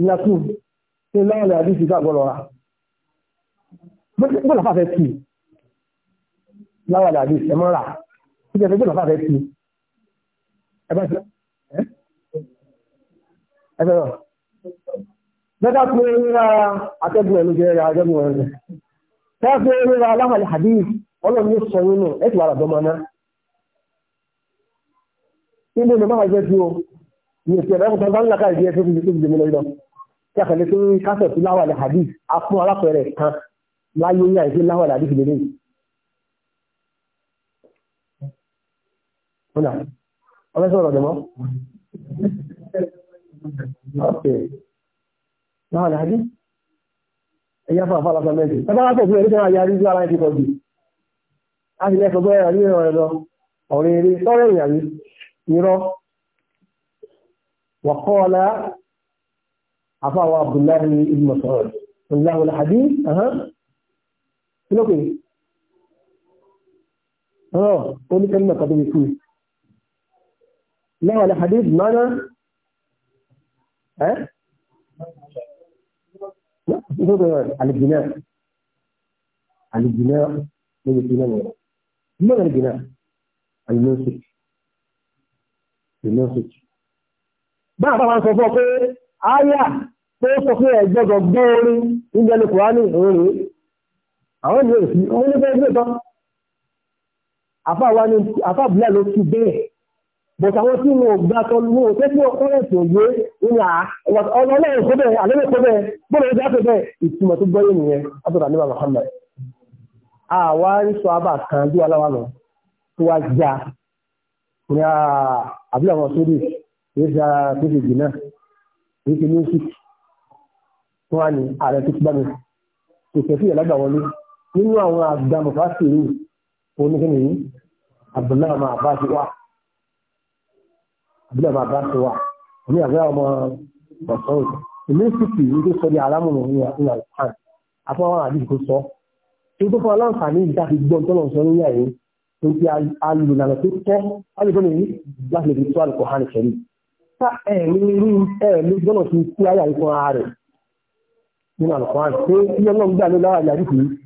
ìyàkú, ṣe láwọn ìrìn àdíṣì ká gbọ́lọ́ra bọ́ọ̀lù afáfẹ́ tì láwàdà àdìs ẹ mọ́ra ó jẹ́ pé bọ́ọ̀lù afáfẹ́ tì ẹ bá ṣe ẹ bẹ́ẹ̀ rọ bẹ́ẹ̀ pé rírà atẹ́gùn ẹ̀lú jẹ́ àjẹ́gùn ẹ̀lú bẹ́ẹ̀ pé rírà aláwàdà àdìs ọlọ́run ló sọ nínú ẹ̀ tí wàrà dọ́mọ náà inú ni máa jẹ́ tí ó ní ètò ẹ̀rọ ẹ̀kọ́ tó ń lákàrí díẹ̀ tó fi jẹ́ jẹ́mi lọ́yọ́ kí a kàlẹ́ tó ń kásẹ̀ tó láwà ní hadith a fún alápẹ̀rẹ̀ kan láyé ní àìsí láwàdà àdífi lè léyìn ọ̀nà ọmọ sọ̀rọ̀ ọ̀dẹ̀mọ́ ọ̀pẹ̀ láwàdà àdí ẹ̀yà fàfà lásán mẹ́rin ẹgbẹ́ wá pẹ̀lú ẹ̀rí sẹ́wà yarí lára ẹ̀kí kọjú a sì lẹ́kọ̀ọ́ bẹ́ẹ̀ rí ọ̀rẹ́ lọ ọ̀rẹ́ eré sọ́rọ̀ ìyàrí irọ́ wàkọ́ọ̀lá afáwọ̀ abdullahi الحديث أه kí ló pè é ọ̀rọ̀ oníkẹ́lẹ́ náà kàdé wípé láwọn alhadith mana ẹ́ alìjìnà alìjìnà lórí ìpínlẹ̀ mẹ́rin mẹ́rin alìjìnà alìmọ́sìk alìmọ́sìk bá àpá wọn sọ fún ọ pé áyà tó sọ fún ẹgbẹ́gbẹ́ gbọ́ọ̀rin nígbẹ́lẹ̀ kùránì òun àwọn ènìyàn ò sí wọn ní bẹ́ẹ̀ lóòótọ́ àfàwa ni àfàbùlà ló ti bẹ́ẹ̀ bọ̀tà àwọn tí wọn ò gbà tọ́ ní wọn ò tẹ́tí ọ̀rẹ́sì òye ní à ọlọ́run kó bẹ́ẹ̀ àlẹ́ kó bẹ́ẹ̀ bọ́ọ̀lù ìjà tó bẹ́ẹ̀ ìtumọ̀ tó gbọ́ yẹn nìyẹn látọ̀dà níbà Muhammad àwa ń sọ abà kan bí aláwa lọ tó wá já ní àbúlé àwọn sódì èyí ṣe ara tó ṣe jìnnà èyí ṣe music tó wá ní ààrẹ tó ti bá mi kò tẹ̀sí ìyàlágbà wọlé nínú àwọn àgbà mọ̀fásìrì oníkíni yìí abdullahi ọmọ abáṣe wà abdullahi ọmọ abáṣe wà omi àgbà ọmọ ọ̀sán òkè èmi sì kì í tó sọ ní alámùnú ní àìsàn àfọwọ́n àdìsí tó sọ tó tó fún aláǹfààní ìjà fi gbọ́n tó lọ́n sọ ní ìyá yìí tó ti alùlànà tó tọ́ alùgbọ́n yìí láti lè fi tó àlùkò hàn kẹ́rì ká ẹ̀ ní rí ẹ̀ ní gbọ́nà fi sí àyà ìfọ̀n ara rẹ̀ nínú àlùkò hàn pé ilé ọlọ́run gbà ló lára ìyá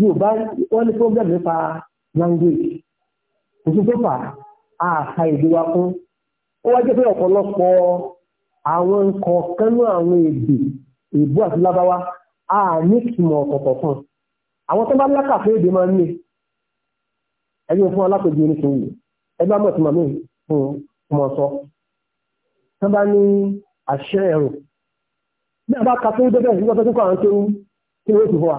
yóò bá wọ́n ní program nípa language oṣù tó fà áàka èdè wa fún ó wá jẹ́ pé ọ̀pọ̀lọpọ̀ àwọn nǹkan kánú àwọn èdè ìbú àti lábáwá a ní ìtumọ̀ ọ̀tọ̀ọ̀tọ̀ fún àwọn tó bá lákà fún èdè máa ń lè ẹni fún alákòjú oníṣòwò ẹgbẹ́ àmọ́ ìtumọ̀ mi fún ọmọ sọ tó bá ní àṣẹ ẹ̀rù bí a bá ka fún dẹ́gbẹ́ ìgbà tó kọ́ àwọn tó ń kí wọ́n ti fọ́ wa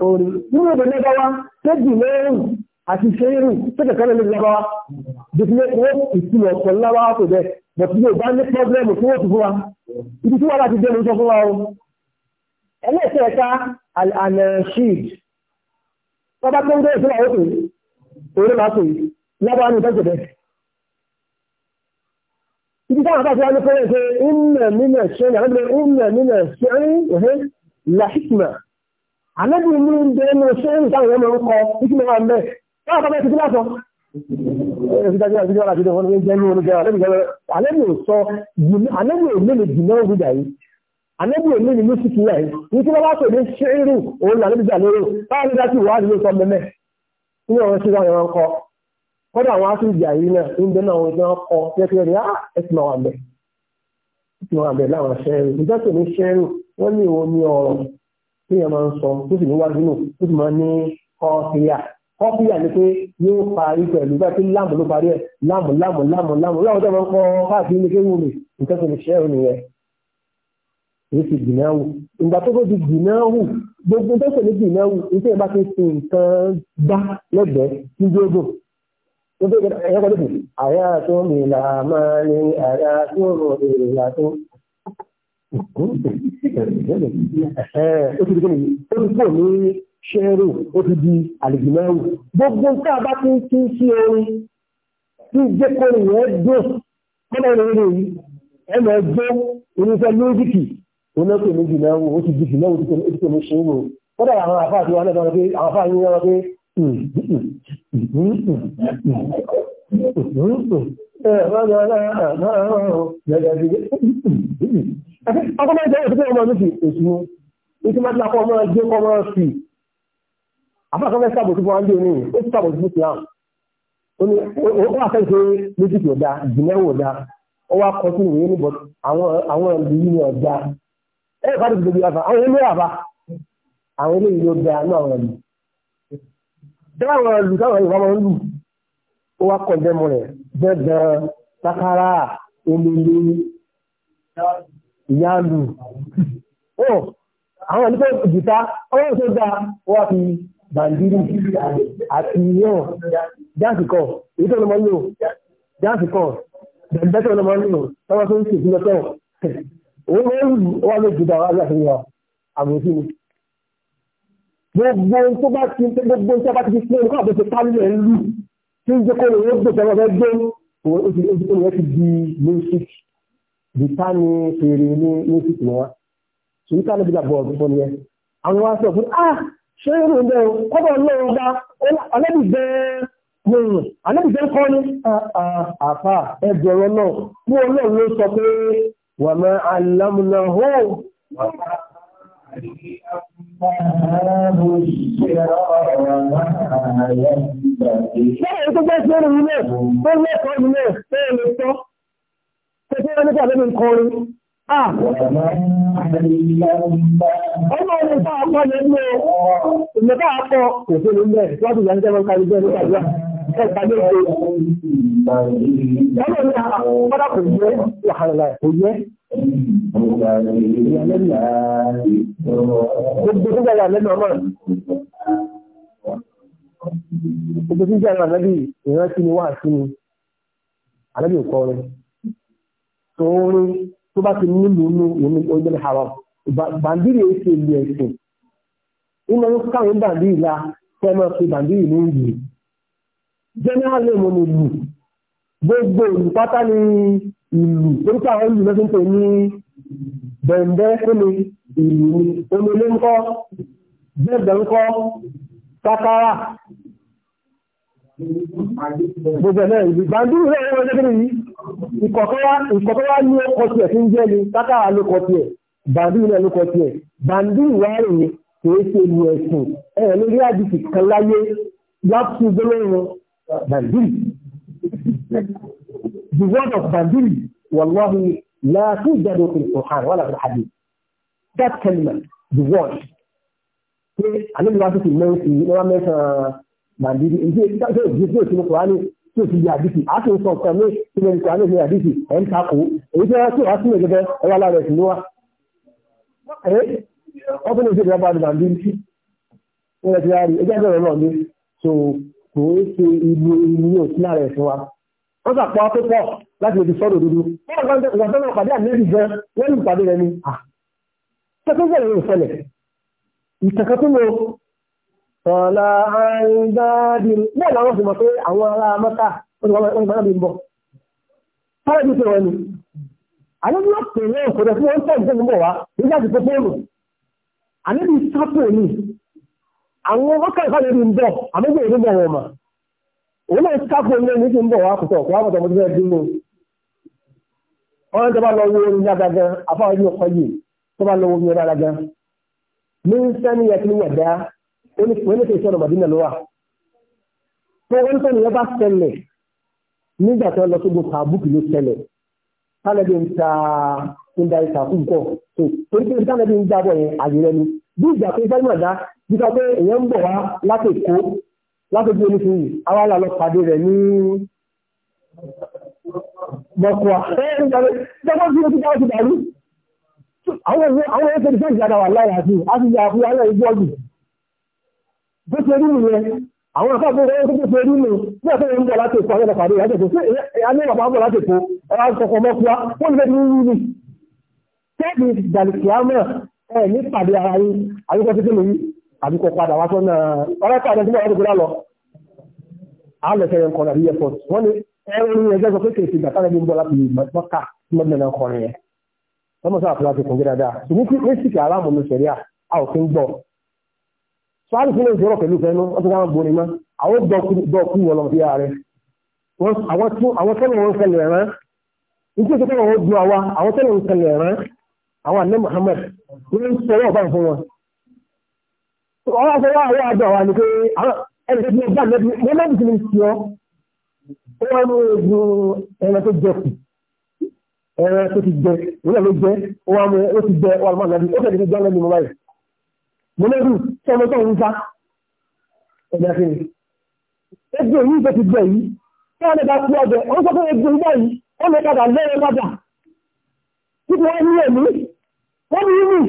orí nínú èdè lẹ́gbàwá tẹ́jì lẹ́rìn àti ṣeérìn tẹ́kẹ̀kẹ́ lẹ́gbàwá dìtìlẹ̀ owó ìtumọ̀ pẹ̀lú láwá tó bẹ̀ bọ̀tí yóò bá ní pọ́blẹ́mù tó wọ́n ti fún wa ibi tí wọ́n láti dé lóṣọ fún wa o ẹlẹ́ẹ̀kẹ́ẹ̀ka al-anashid bàbá tó ń gbé ìṣúná òkè òun máa pè lábá ní ìtọ́jú bẹ́ẹ̀ ibi táwọn àbáṣe wa ní kọ́lẹ̀ ṣe ń nà nínà ṣe ń nà nínà ṣe ń àlẹ́bí ní ìdè inú ṣe ń dáwọn ọmọ orúkọ títí mẹ́wàá ń bẹ́ báwọn bá bẹ́ẹ̀ títí látọ̀ àlẹ́bí ò sọ àlẹ́bí ò mélòó jìnnà òrùjà yìí àlẹ́bí ò mélòó lóṣù kìlá yìí ní kí wọ́n bá pèlè ṣe irú òun ní àlẹ́bí gbàlérò báwọn ní láti wà á lè sọ mẹ́mẹ́ ní ọ̀rọ̀ ṣe dáwọn ọkọ kọ́dọ̀ àwọn áfíríkà yìí náà ń bẹ náà wọn ti wọn kọ kẹ́kẹ́ rẹ̀ á ẹ̀sìn máa wà bẹ̀ ẹ̀sìn máa wà bẹ̀ láwọn ṣẹ́rù ìjọ́sìn ní ṣẹ́rù wọ́n ní ìwọ ní ọ̀rọ̀ tí èèyàn máa ń sọ tó sì níwájú nù tó sì máa ń ní kọ́ọ̀fíà kọ́ọ̀fíà ni pé yóò parí pẹ̀lú bá pé láàmù ló parí ẹ̀ láàmù láàmù láàmù láàmù láwọn tó máa ń kọ́ káàkiri ní kéwù rè nǹkan tó lè ṣẹ́ òun nìyẹn èyí ti gbìnáwù ìgbà tó tó di gbìnáwù gbogbo tó pè ní gbìnáwù nítorí bá ti sin nǹkan dá lẹ́gbẹ̀ẹ́ ní gbogbo gbogbo ẹ̀yẹ́kọ́ lókè àyà tó mìlà máa ní àyà tó rọ̀ èrè Òkúńtò ìṣẹ̀lẹ̀ ó ti dìgbò ní ó ti pò ní ṣẹ́rù ó ti di àlìjìmáwù. Gbogbo nǹkan bá ti ń tún sí orin tí jẹ́ kó rìn ẹ́ dùn mọ́nà ìrìn rẹ̀ yìí ẹ̀mọ̀ ẹgbẹ́ oníṣẹ́ lójìkì oníṣẹ́ méjì náà ó ti dìgbì náà ó ti pè ní ṣẹ́rù. Ó dàbí àwọn àfáà tí wọ́n náà Akọ́mọ́ ìjẹ́ ìpínlẹ̀ ọmọ ní fi èṣù ìtí máa lápọ̀ ọmọ ẹgbẹ́ ọmọ sí. Afẹ́kọ́mọ́ sábò tí wọ́n ń dé ní ó ti sábò tí ó ti hàn. Ó ní ó wà fẹ́ ṣe méjì tó dáa, ìjìnlẹ̀wò dáa, ó wá kọ sí ìwé níbọ̀ àwọn ìlú ní ọ̀dá. Ẹ bá dìbò bí àfà, àwọn ilé àfà, àwọn ilé ìlú dáa ní àwọn ìlú. Dẹ́ ó wá kọ̀dẹ́mù rẹ̀ bẹ́ẹ̀dán sakara olólo ìyáàlù ó àwọn ìlú tó jìta ọlọ́run tó dáa ó wá fi bàndírì àti yóò jáàsì kọ̀ èyí tó lọ́mọ ń lò jáàsì kọ̀ bẹ̀rẹ̀ tó lọ́mọ ń lò tọ́wọ́ tó ń ṣe ìpínlẹ̀ tọ̀ òun ló ń lù ó ló jìta wá láti yọ àbòsí ni gbogbo tó bá ti gbogbo tó bá ti fi pé olùkọ́ àbòsí pálí ẹ̀ ń lù tí ń jẹ́ kó lè gbé tọ́wọ́ fẹ́ gbé òun ó ti di music bìtá ni fèrè ní music ni wọn ṣèyí ká níbi ìjàpọ̀ ọ̀gbìn fún yẹn àwọn wá sọ fún ah ṣé irú ń bẹ́ẹ̀ kọ́bọ̀ lóun bá ọlẹ́bí bẹ́ẹ̀ lóun ọlẹ́bí bẹ́ẹ̀ kọ́ ni ah, ah, àfà ẹgbẹ̀rún náà fún ọlọ́run ló sọ pé wàmẹ́ alámúnáhó wàmẹ́ Bẹ́ẹ̀ni tó jẹ́ sí orí ilé, tó lẹ́kọ̀ọ́ ilé, tó lè tọ́, tó tí wọ́n nípa lẹ́nu kọrin. Ọmọ ọdún tó àpọ̀ lẹ́nu, ìmọ̀ká àpọ̀ kò tó lè mẹ́, láti ìyànjẹ́ mọ́ká ilé nípa ìyá ẹgbà gbogbo tó gbàgbà lẹ́nu ìrántí ni wà sí ni alẹ́bí òkọ́ rẹ̀ tó rí tó bá ti nílùú ní onígbẹ́ haram bàndìrì èsì ìlú ẹ̀sìn inú káwọn bàndìrì la fẹ́ sí bàndìrì ní ìlú general name ni ìlú gbogbo ìlú pátá ni ìlú orúkọ àwọn ìlú lọ́sìn tó ní bẹ̀ǹdẹ́ fúnni ìlú ni omele ńkọ́ bẹ́ẹ̀bẹ̀ ńkọ́ sákárà gbogbo ẹ̀ ìlú bàndúrú rẹ̀ wọ́n jẹ́ kí ìkọ̀kọ́wá ní ọkọ̀ tiẹ̀ tí ń jẹ́ ni sákárà ló kọ tiẹ̀ bàndúrú rẹ̀ ló kọ tiẹ̀ bàndúrú wà rèé kìí ṣe ìlú ẹ̀sìn ẹ̀ lórí àdìsí kan láyé láti gbólóhùn Bandiri. The word of Bandiri, wallahi, لا توجد في القرآن ولا في الحديث. That كلمة, the word. Àlọ́ ìwà tó ti mẹ́rin sí wọ́n mẹ́sàn-án Bandiri. Ìdí èyí tó ti gbé òsínú Kùránì tí ó ti di àdìsí. A ti ń sọ nǹkan ní ilé Kùránì ní àdìsí ẹ̀ ń takò. Èyí tí wọ́n tí wọ́n sínú gẹ́gẹ́ ẹwà lára ẹ̀sìn wa. Ọkùnrin ìṣèjọba ni Bandiri. Wọ́n ti rí ẹgbẹ́ ìrọ̀lọ́ mi. So kò ń ṣe ìlú ìlú ní òsì lára ẹ̀sìn wa wọ́n sàpọ̀ púpọ̀ láti lè sọ́dọ̀ dúdú wọ́n sọ́nà pàdé àmì gan wọ́n lù pàdé rẹ ni tẹ́kọ̀ọ́ rẹ̀ ń ṣẹlẹ̀ ìtẹ̀kọ́ tó lọ ọ̀la àìdáàdì bẹ́ẹ̀ làwọn sì mọ̀ pé àwọn ará mọ́ta wọ́n ti máa bí ń bọ̀ sáré bí tẹ̀wọ́ ni àwọn ọmọ pèlè òkòdè tí wọ́n ń tẹ̀ ń bọ̀ wá nígbà tí tó fóònù àníbi sápò ni àwọn ọkọ̀ ìfàlẹ̀ ń bọ̀ àmọ́gbẹ̀ ìlú bọ̀ wọn mà òun náà kápò ní ẹni tí ń bọ̀ wá kùtọ̀ kó wákùtọ̀ mo ti fẹ́ dúró wọn tó bá lọ wo orin dáadáa gan afáwọn yóò kọ yìí tó bá lọ wo orin dáadáa gan ní sẹ́ni yẹ kí wọ́n dá wọ́n ti sọ̀rọ̀ màdínà ló wà tó wọ́n tó nìyẹn bá ṣẹlẹ̀ nígbà tó lọ sógun tàbùkù ló ṣẹlẹ̀ tálẹ́bí ń ta ń da ìtàkùn kọ̀ tó torí pé tálẹ́bí ń jábọ̀ yẹn àyẹ̀rẹ́ ni bí ìgbà pé sẹ́yìn ọ̀dá bípa pé èèyàn ń bọ̀ wá láti Èkó láti ojú oníṣu yìí àwa là lọ pàdé rẹ̀ ní mọ̀kùá ṣẹ́gbọ́n tí ó ti dáwọ́ ti dàrú àwọn èèyàn tó ti fẹ́ ìjàdá wà láyé àti àti ìyá àfi àwọn ìgbó ọ̀gbìn bó ṣe rí nìyẹn àwọn àkàbọ̀ rẹ̀ tó ṣe rí nù bí ọ̀sẹ̀ ń bọ̀ láti Èkó àwọn ìpàdé rẹ̀ àjẹ̀kọ̀ sí ẹ̀yàmí ìwà bọ̀ láti Èkó ọ̀rọ̀ ẹ ní pàdé ara yín àbíkọ́ títí lórí àbíkọ́ padà wá sọ́nà ọ̀rẹ́ pàdé sílẹ̀ ọ̀rẹ́ gbọ́dá lọ. a lè fẹ́rẹ̀ nǹkan àbí airport wọ́n ní ẹ̀rọ ní ẹgbẹ́ sọ pé kèsì gbàtà lẹ́bí ń bọ́ láti mọ́ká tí mo dẹ̀nà ọkùnrin yẹn. wọ́n mọ̀ sáà fúlá ti kùn gé dáadáa ṣùgbọ́n kí mẹ́sìkì aláàmù ní sẹ̀ríà a ò fi ń gbọ́. sọ́ọ́lù fún ìṣòro pẹ̀lú fẹ́nu wọ́n ti káwọn gbóni mọ́ àwọn dọ́ọ̀kú wọn lọ sí ààrẹ. àwọn tẹ́lẹ̀ wọn ń fẹ́lẹ̀ rán àwọn àná Muhammad ní ń sọ ọ̀bá fún wọn. ọwọ́ àfọwọ́ àwọn àjọ wa ni ẹni tó ti bá lẹ́bi mo náà ti ń sọ ó wá ní ojú ẹran tó jẹ kù ẹran tó ti jẹ òun náà jẹ ó mú ó ti jẹ wà lẹ́bi ó fẹ́ẹ́ ti jẹ́ lẹ́bi mo báyìí. mo lẹ́bi tí ọmọ tó ń sá ẹ̀dá kiri ẹgbẹ́ yìí tó ti jẹ yìí tí wọ́n lè tí wọ́n ní ẹ̀mí wọ́n ní ìmì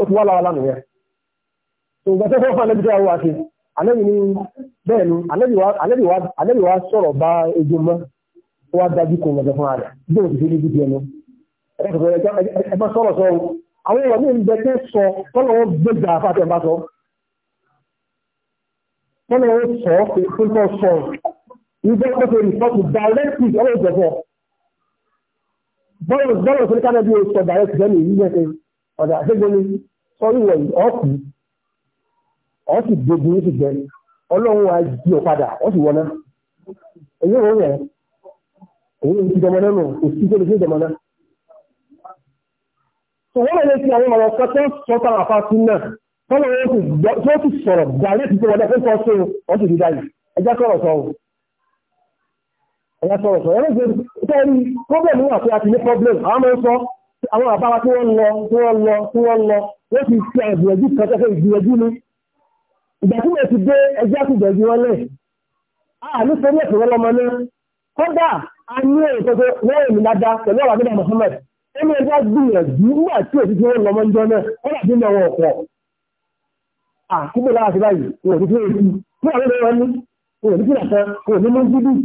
ó ti wá lára lánàá yẹn tó gbà tó fọ́ fún alẹ́bí tó wà wá sí alẹ́bí ní bẹ́ẹ̀ ni alẹ́bí wa sọ̀rọ̀ bá ejò mọ́ ó wá dájú kó wọn fún ara bí òun ti fi níbi díẹ̀ náà ẹ bá sọ̀rọ̀ sọ àwọn èèyàn ní ìbẹ̀ tẹ́ sọ tọ́lọ̀ wọn gbégbà àfàtẹ̀ bá sọ tọ́lọ̀ wọn sọ pé fún tọ́ sọ ìgbẹ́ pẹ́ pé rìsọ́ọ̀tù direct ọlọ́ọ̀jọ̀fọ́ bọ́ọ̀lù bọ́ọ̀lù tó ní kánà bí o sọ dàrẹ́ ti jẹ́nu yìí yẹn ọ̀dà àṣẹ́gbẹ́ ni sọ́rí wọ̀nyí ọ̀kù ọ̀sì gbogbo ní ti jẹ ọlọ́run wa jí ọ padà ọ̀sì wọná èyí ò yẹ èyí ò ti jọmọ náà nù òsì tó lè fi jọmọ náà. sọ wọ́n lè fi àwọn ọ̀rọ̀ kan tó ń sọ sára àfa sí náà tọ́lọ̀ wọn ti sọ̀rọ̀ dàrẹ́ ti wọlé fún kọ́ sí ọ̀sì dídá yìí sẹ́rí problem wà tí a ti ní problem àwọn ọmọ sọ àwọn àbára tí wọ́n lọ tí wọ́n lọ tí wọ́n lọ wọ́n ti ṣe ìgbìyànjú kan tẹ́fẹ́ ìgbìyànjú ni ìgbà tí wọ́n ti dé ẹjẹ́ àti ìgbìyànjú wọn lẹ̀ a ní sẹ́rí ẹ̀sìn náà kódà a ní èrò tó tó wọ́n èmi lada pẹ̀lú ọ̀rọ̀ àbílẹ̀ Muhammad ẹni ẹjọ́ gbìyànjú nígbà tí òsì tí wọ́n lọ mọ́ njọ́ náà wọ́n àbí mọ́ wọn ọ̀pọ̀ àkúgbò láwọn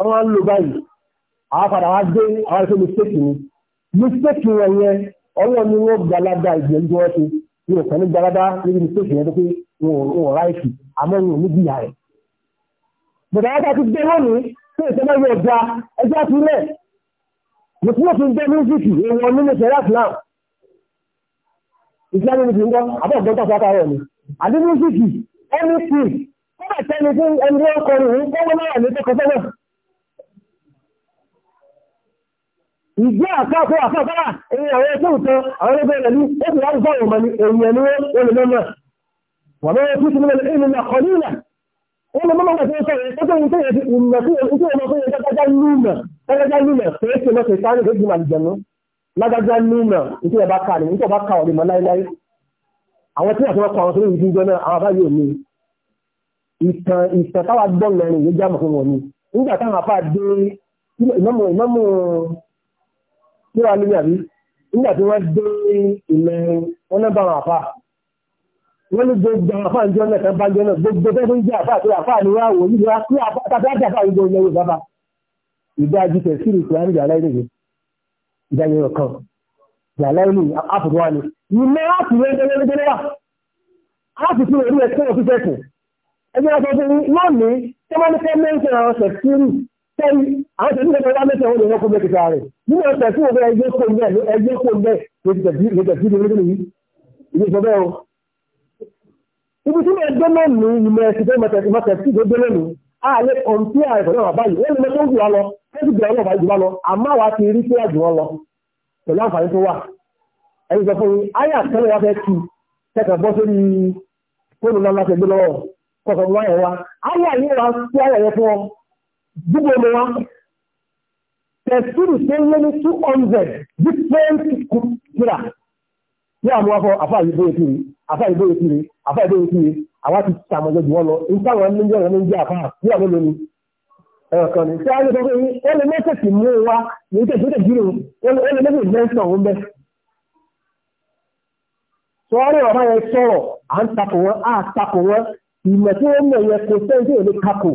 wọ́n wá ń lò báyìí àápadà wá dé àwọn ìfẹ́ mistake ni mistake wọn yẹn ọwọ́ ni wọ́n gbalada ìgbìyànjú wọn ṣe ní ọ̀sán ní gbalada níbi mistake yẹn tó pé wọn ò ráìsì àmọ́ wọn ò ní jìyà rẹ̀. bùdá yàtọ̀ ti dé lónìí tó ìṣẹ́lẹ̀ yóò da ẹjọ́ ti lẹ̀ mùsùlùmí ti ń dé mísìkì èèwọ̀ nínú ìṣẹ̀lẹ̀ àfúlà ìsìlámù ti ń gbọ́ àbọ̀ ọ̀gbọ́ntà fún àtàrà ni àdé mísìkì ẹni tí ó bẹ̀ tẹ́ni tí ẹni lọ́kọrin tó ìgbé àkáàkó àkáàkárà èyí àwọn ẹgbẹ́ ìtọ́ àwọn ẹgbẹ́ ìrẹ̀lú ètò láti fọ́wọ̀ mọ̀ ní èyàn ní olùmọ́mọ́ wà mẹ́rin tó ti mẹ́rin èyí nà kọ̀lílà olùmọ́mọ́ tó ń sọ̀rọ̀ ẹgbẹ́ ìtọ́ ìrẹ̀lú ìtọ́ ìrẹ̀lú ẹgbẹ́gbẹ́ lúmẹ̀ pẹ̀lú ìṣẹ̀lẹ̀ ìṣàrí ìgbẹ́gbẹ́ màlìjẹ̀nú lágbàgbà lúmẹ̀ ìtí ẹ̀bá ká ní ìtọ́ bá ká ọ̀rẹ́ mọ́ láíláí àwọn tí àti wọ́n kọ àwọn tó ń gbígbẹ́ náà àwọn abáyé òní ìtàn ìtàn táwa gbọ́ mẹ́rin ìgbẹ́gbẹ́ mọ̀ fún wọn táwọn afá dé ìmọ̀mù ní wà lórí àbí nígbà tí wọ́n dé ilẹ̀ wọn náà bá wọn àfà wọ́n ní gbogbo àwọn àfà ìjọ náà kan bá jọ náà gbogbo tó ń jẹ́ àfà àti àfà ni wọ́n wò yíyá kí àfà àti àfà ìjọ ilẹ̀ yóò bábà ìdájú tẹ̀ sí ìrìkì láti ìjà láì nìyí ìdájú ọ̀kan ìjà láì nìyí àfùkù wa ni ìmọ̀ láti rẹ̀ gẹ́gẹ́gẹ́gẹ́ wà láti fi orí ẹ̀kọ́ òfífẹ́kù ẹgbẹ́ ọ̀sẹ̀ fún lónìí tí wọ́n ní fẹ́ mẹ́ńtẹ̀ àwọn ṣẹ̀fírì sẹ́yìn àwọn tẹ̀lé ìgbẹ́ bá mẹ́tẹ̀ wọn lè wọ́n kó bẹ́ẹ̀ kíkà rẹ̀ nínú ọ̀sẹ̀ tí wọ́n fẹ́ ẹgbẹ́ kó ń bẹ́ẹ̀ ẹgbẹ́ kó ń bẹ́ẹ̀ lè tẹ̀sí ní orílẹ̀ yìí ìlú sọ bẹ́ẹ̀ o. ibi tí wọ́n gbẹ́mọ̀ nù ìmọ̀ ẹ̀sìn tó mọ̀tẹ̀ sí tó gbẹ́mọ̀ nù àlẹ́ kọ̀ǹtì àìsàn náà báyìí wọ́n lè mọ́tò ń wà lọ tẹ́sí bẹ̀rẹ̀ náà báyìí jù wá lọ àmọ́ wa ti rí síwájú wọn lọ pẹ̀lú àǹfààní tó wà ẹ̀yìn sọ fún mi ayé àtẹ́lẹ̀ wa fẹ́ kí kẹkẹ̀ bọ́ sórí fóònù náà láti gbé lọ́wọ́ kọ̀ọ̀kan wáyẹ̀ wa ayé àyè wa sí ayẹyẹ fún ọ gbogbo ọmọ wa tẹ̀síìrì tó ń lé ní two hundred different kúrà ní àwọn afọ afọ àyíbó ìkiri afọ àyíbó ìkiri afọ àyíbó ìkiri àwa ti sàmọ̀jọ jù wọ́n lọ nǹkan àwọn ẹni jẹ́ ẹni jẹ́ àfà ní àwọn olómi ẹ̀ẹ̀kan ní ṣé àwọn ọmọ yìí wọ́n lè mẹ́tẹ̀ẹ̀sì mú wa ní ìtẹ̀sí ìtẹ̀sí ìrìn wọ́n lè mẹ́tẹ̀ẹ̀sì mẹ́sàn òun bẹ́ẹ̀. sọ́ọ́rì ọ̀rọ̀ yẹn sọ̀rọ̀ à ń takò wọn à takò wọn ìmọ̀ tí wọ́n mọ̀ yẹn kò sẹ́yìn tí ò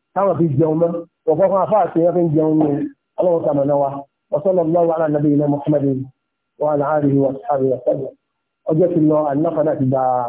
táwọn fi jẹun mọ́ ọ̀pọ̀ kan afá àti ẹ̀fẹ́ jẹun ní ọlọ́run sàmọ̀nà wa sallallahu ala nabiyina Muhammadin wa ala wa sahbihi wa sallam ọjọ́ ti lọ ànínáfàdà ti dáa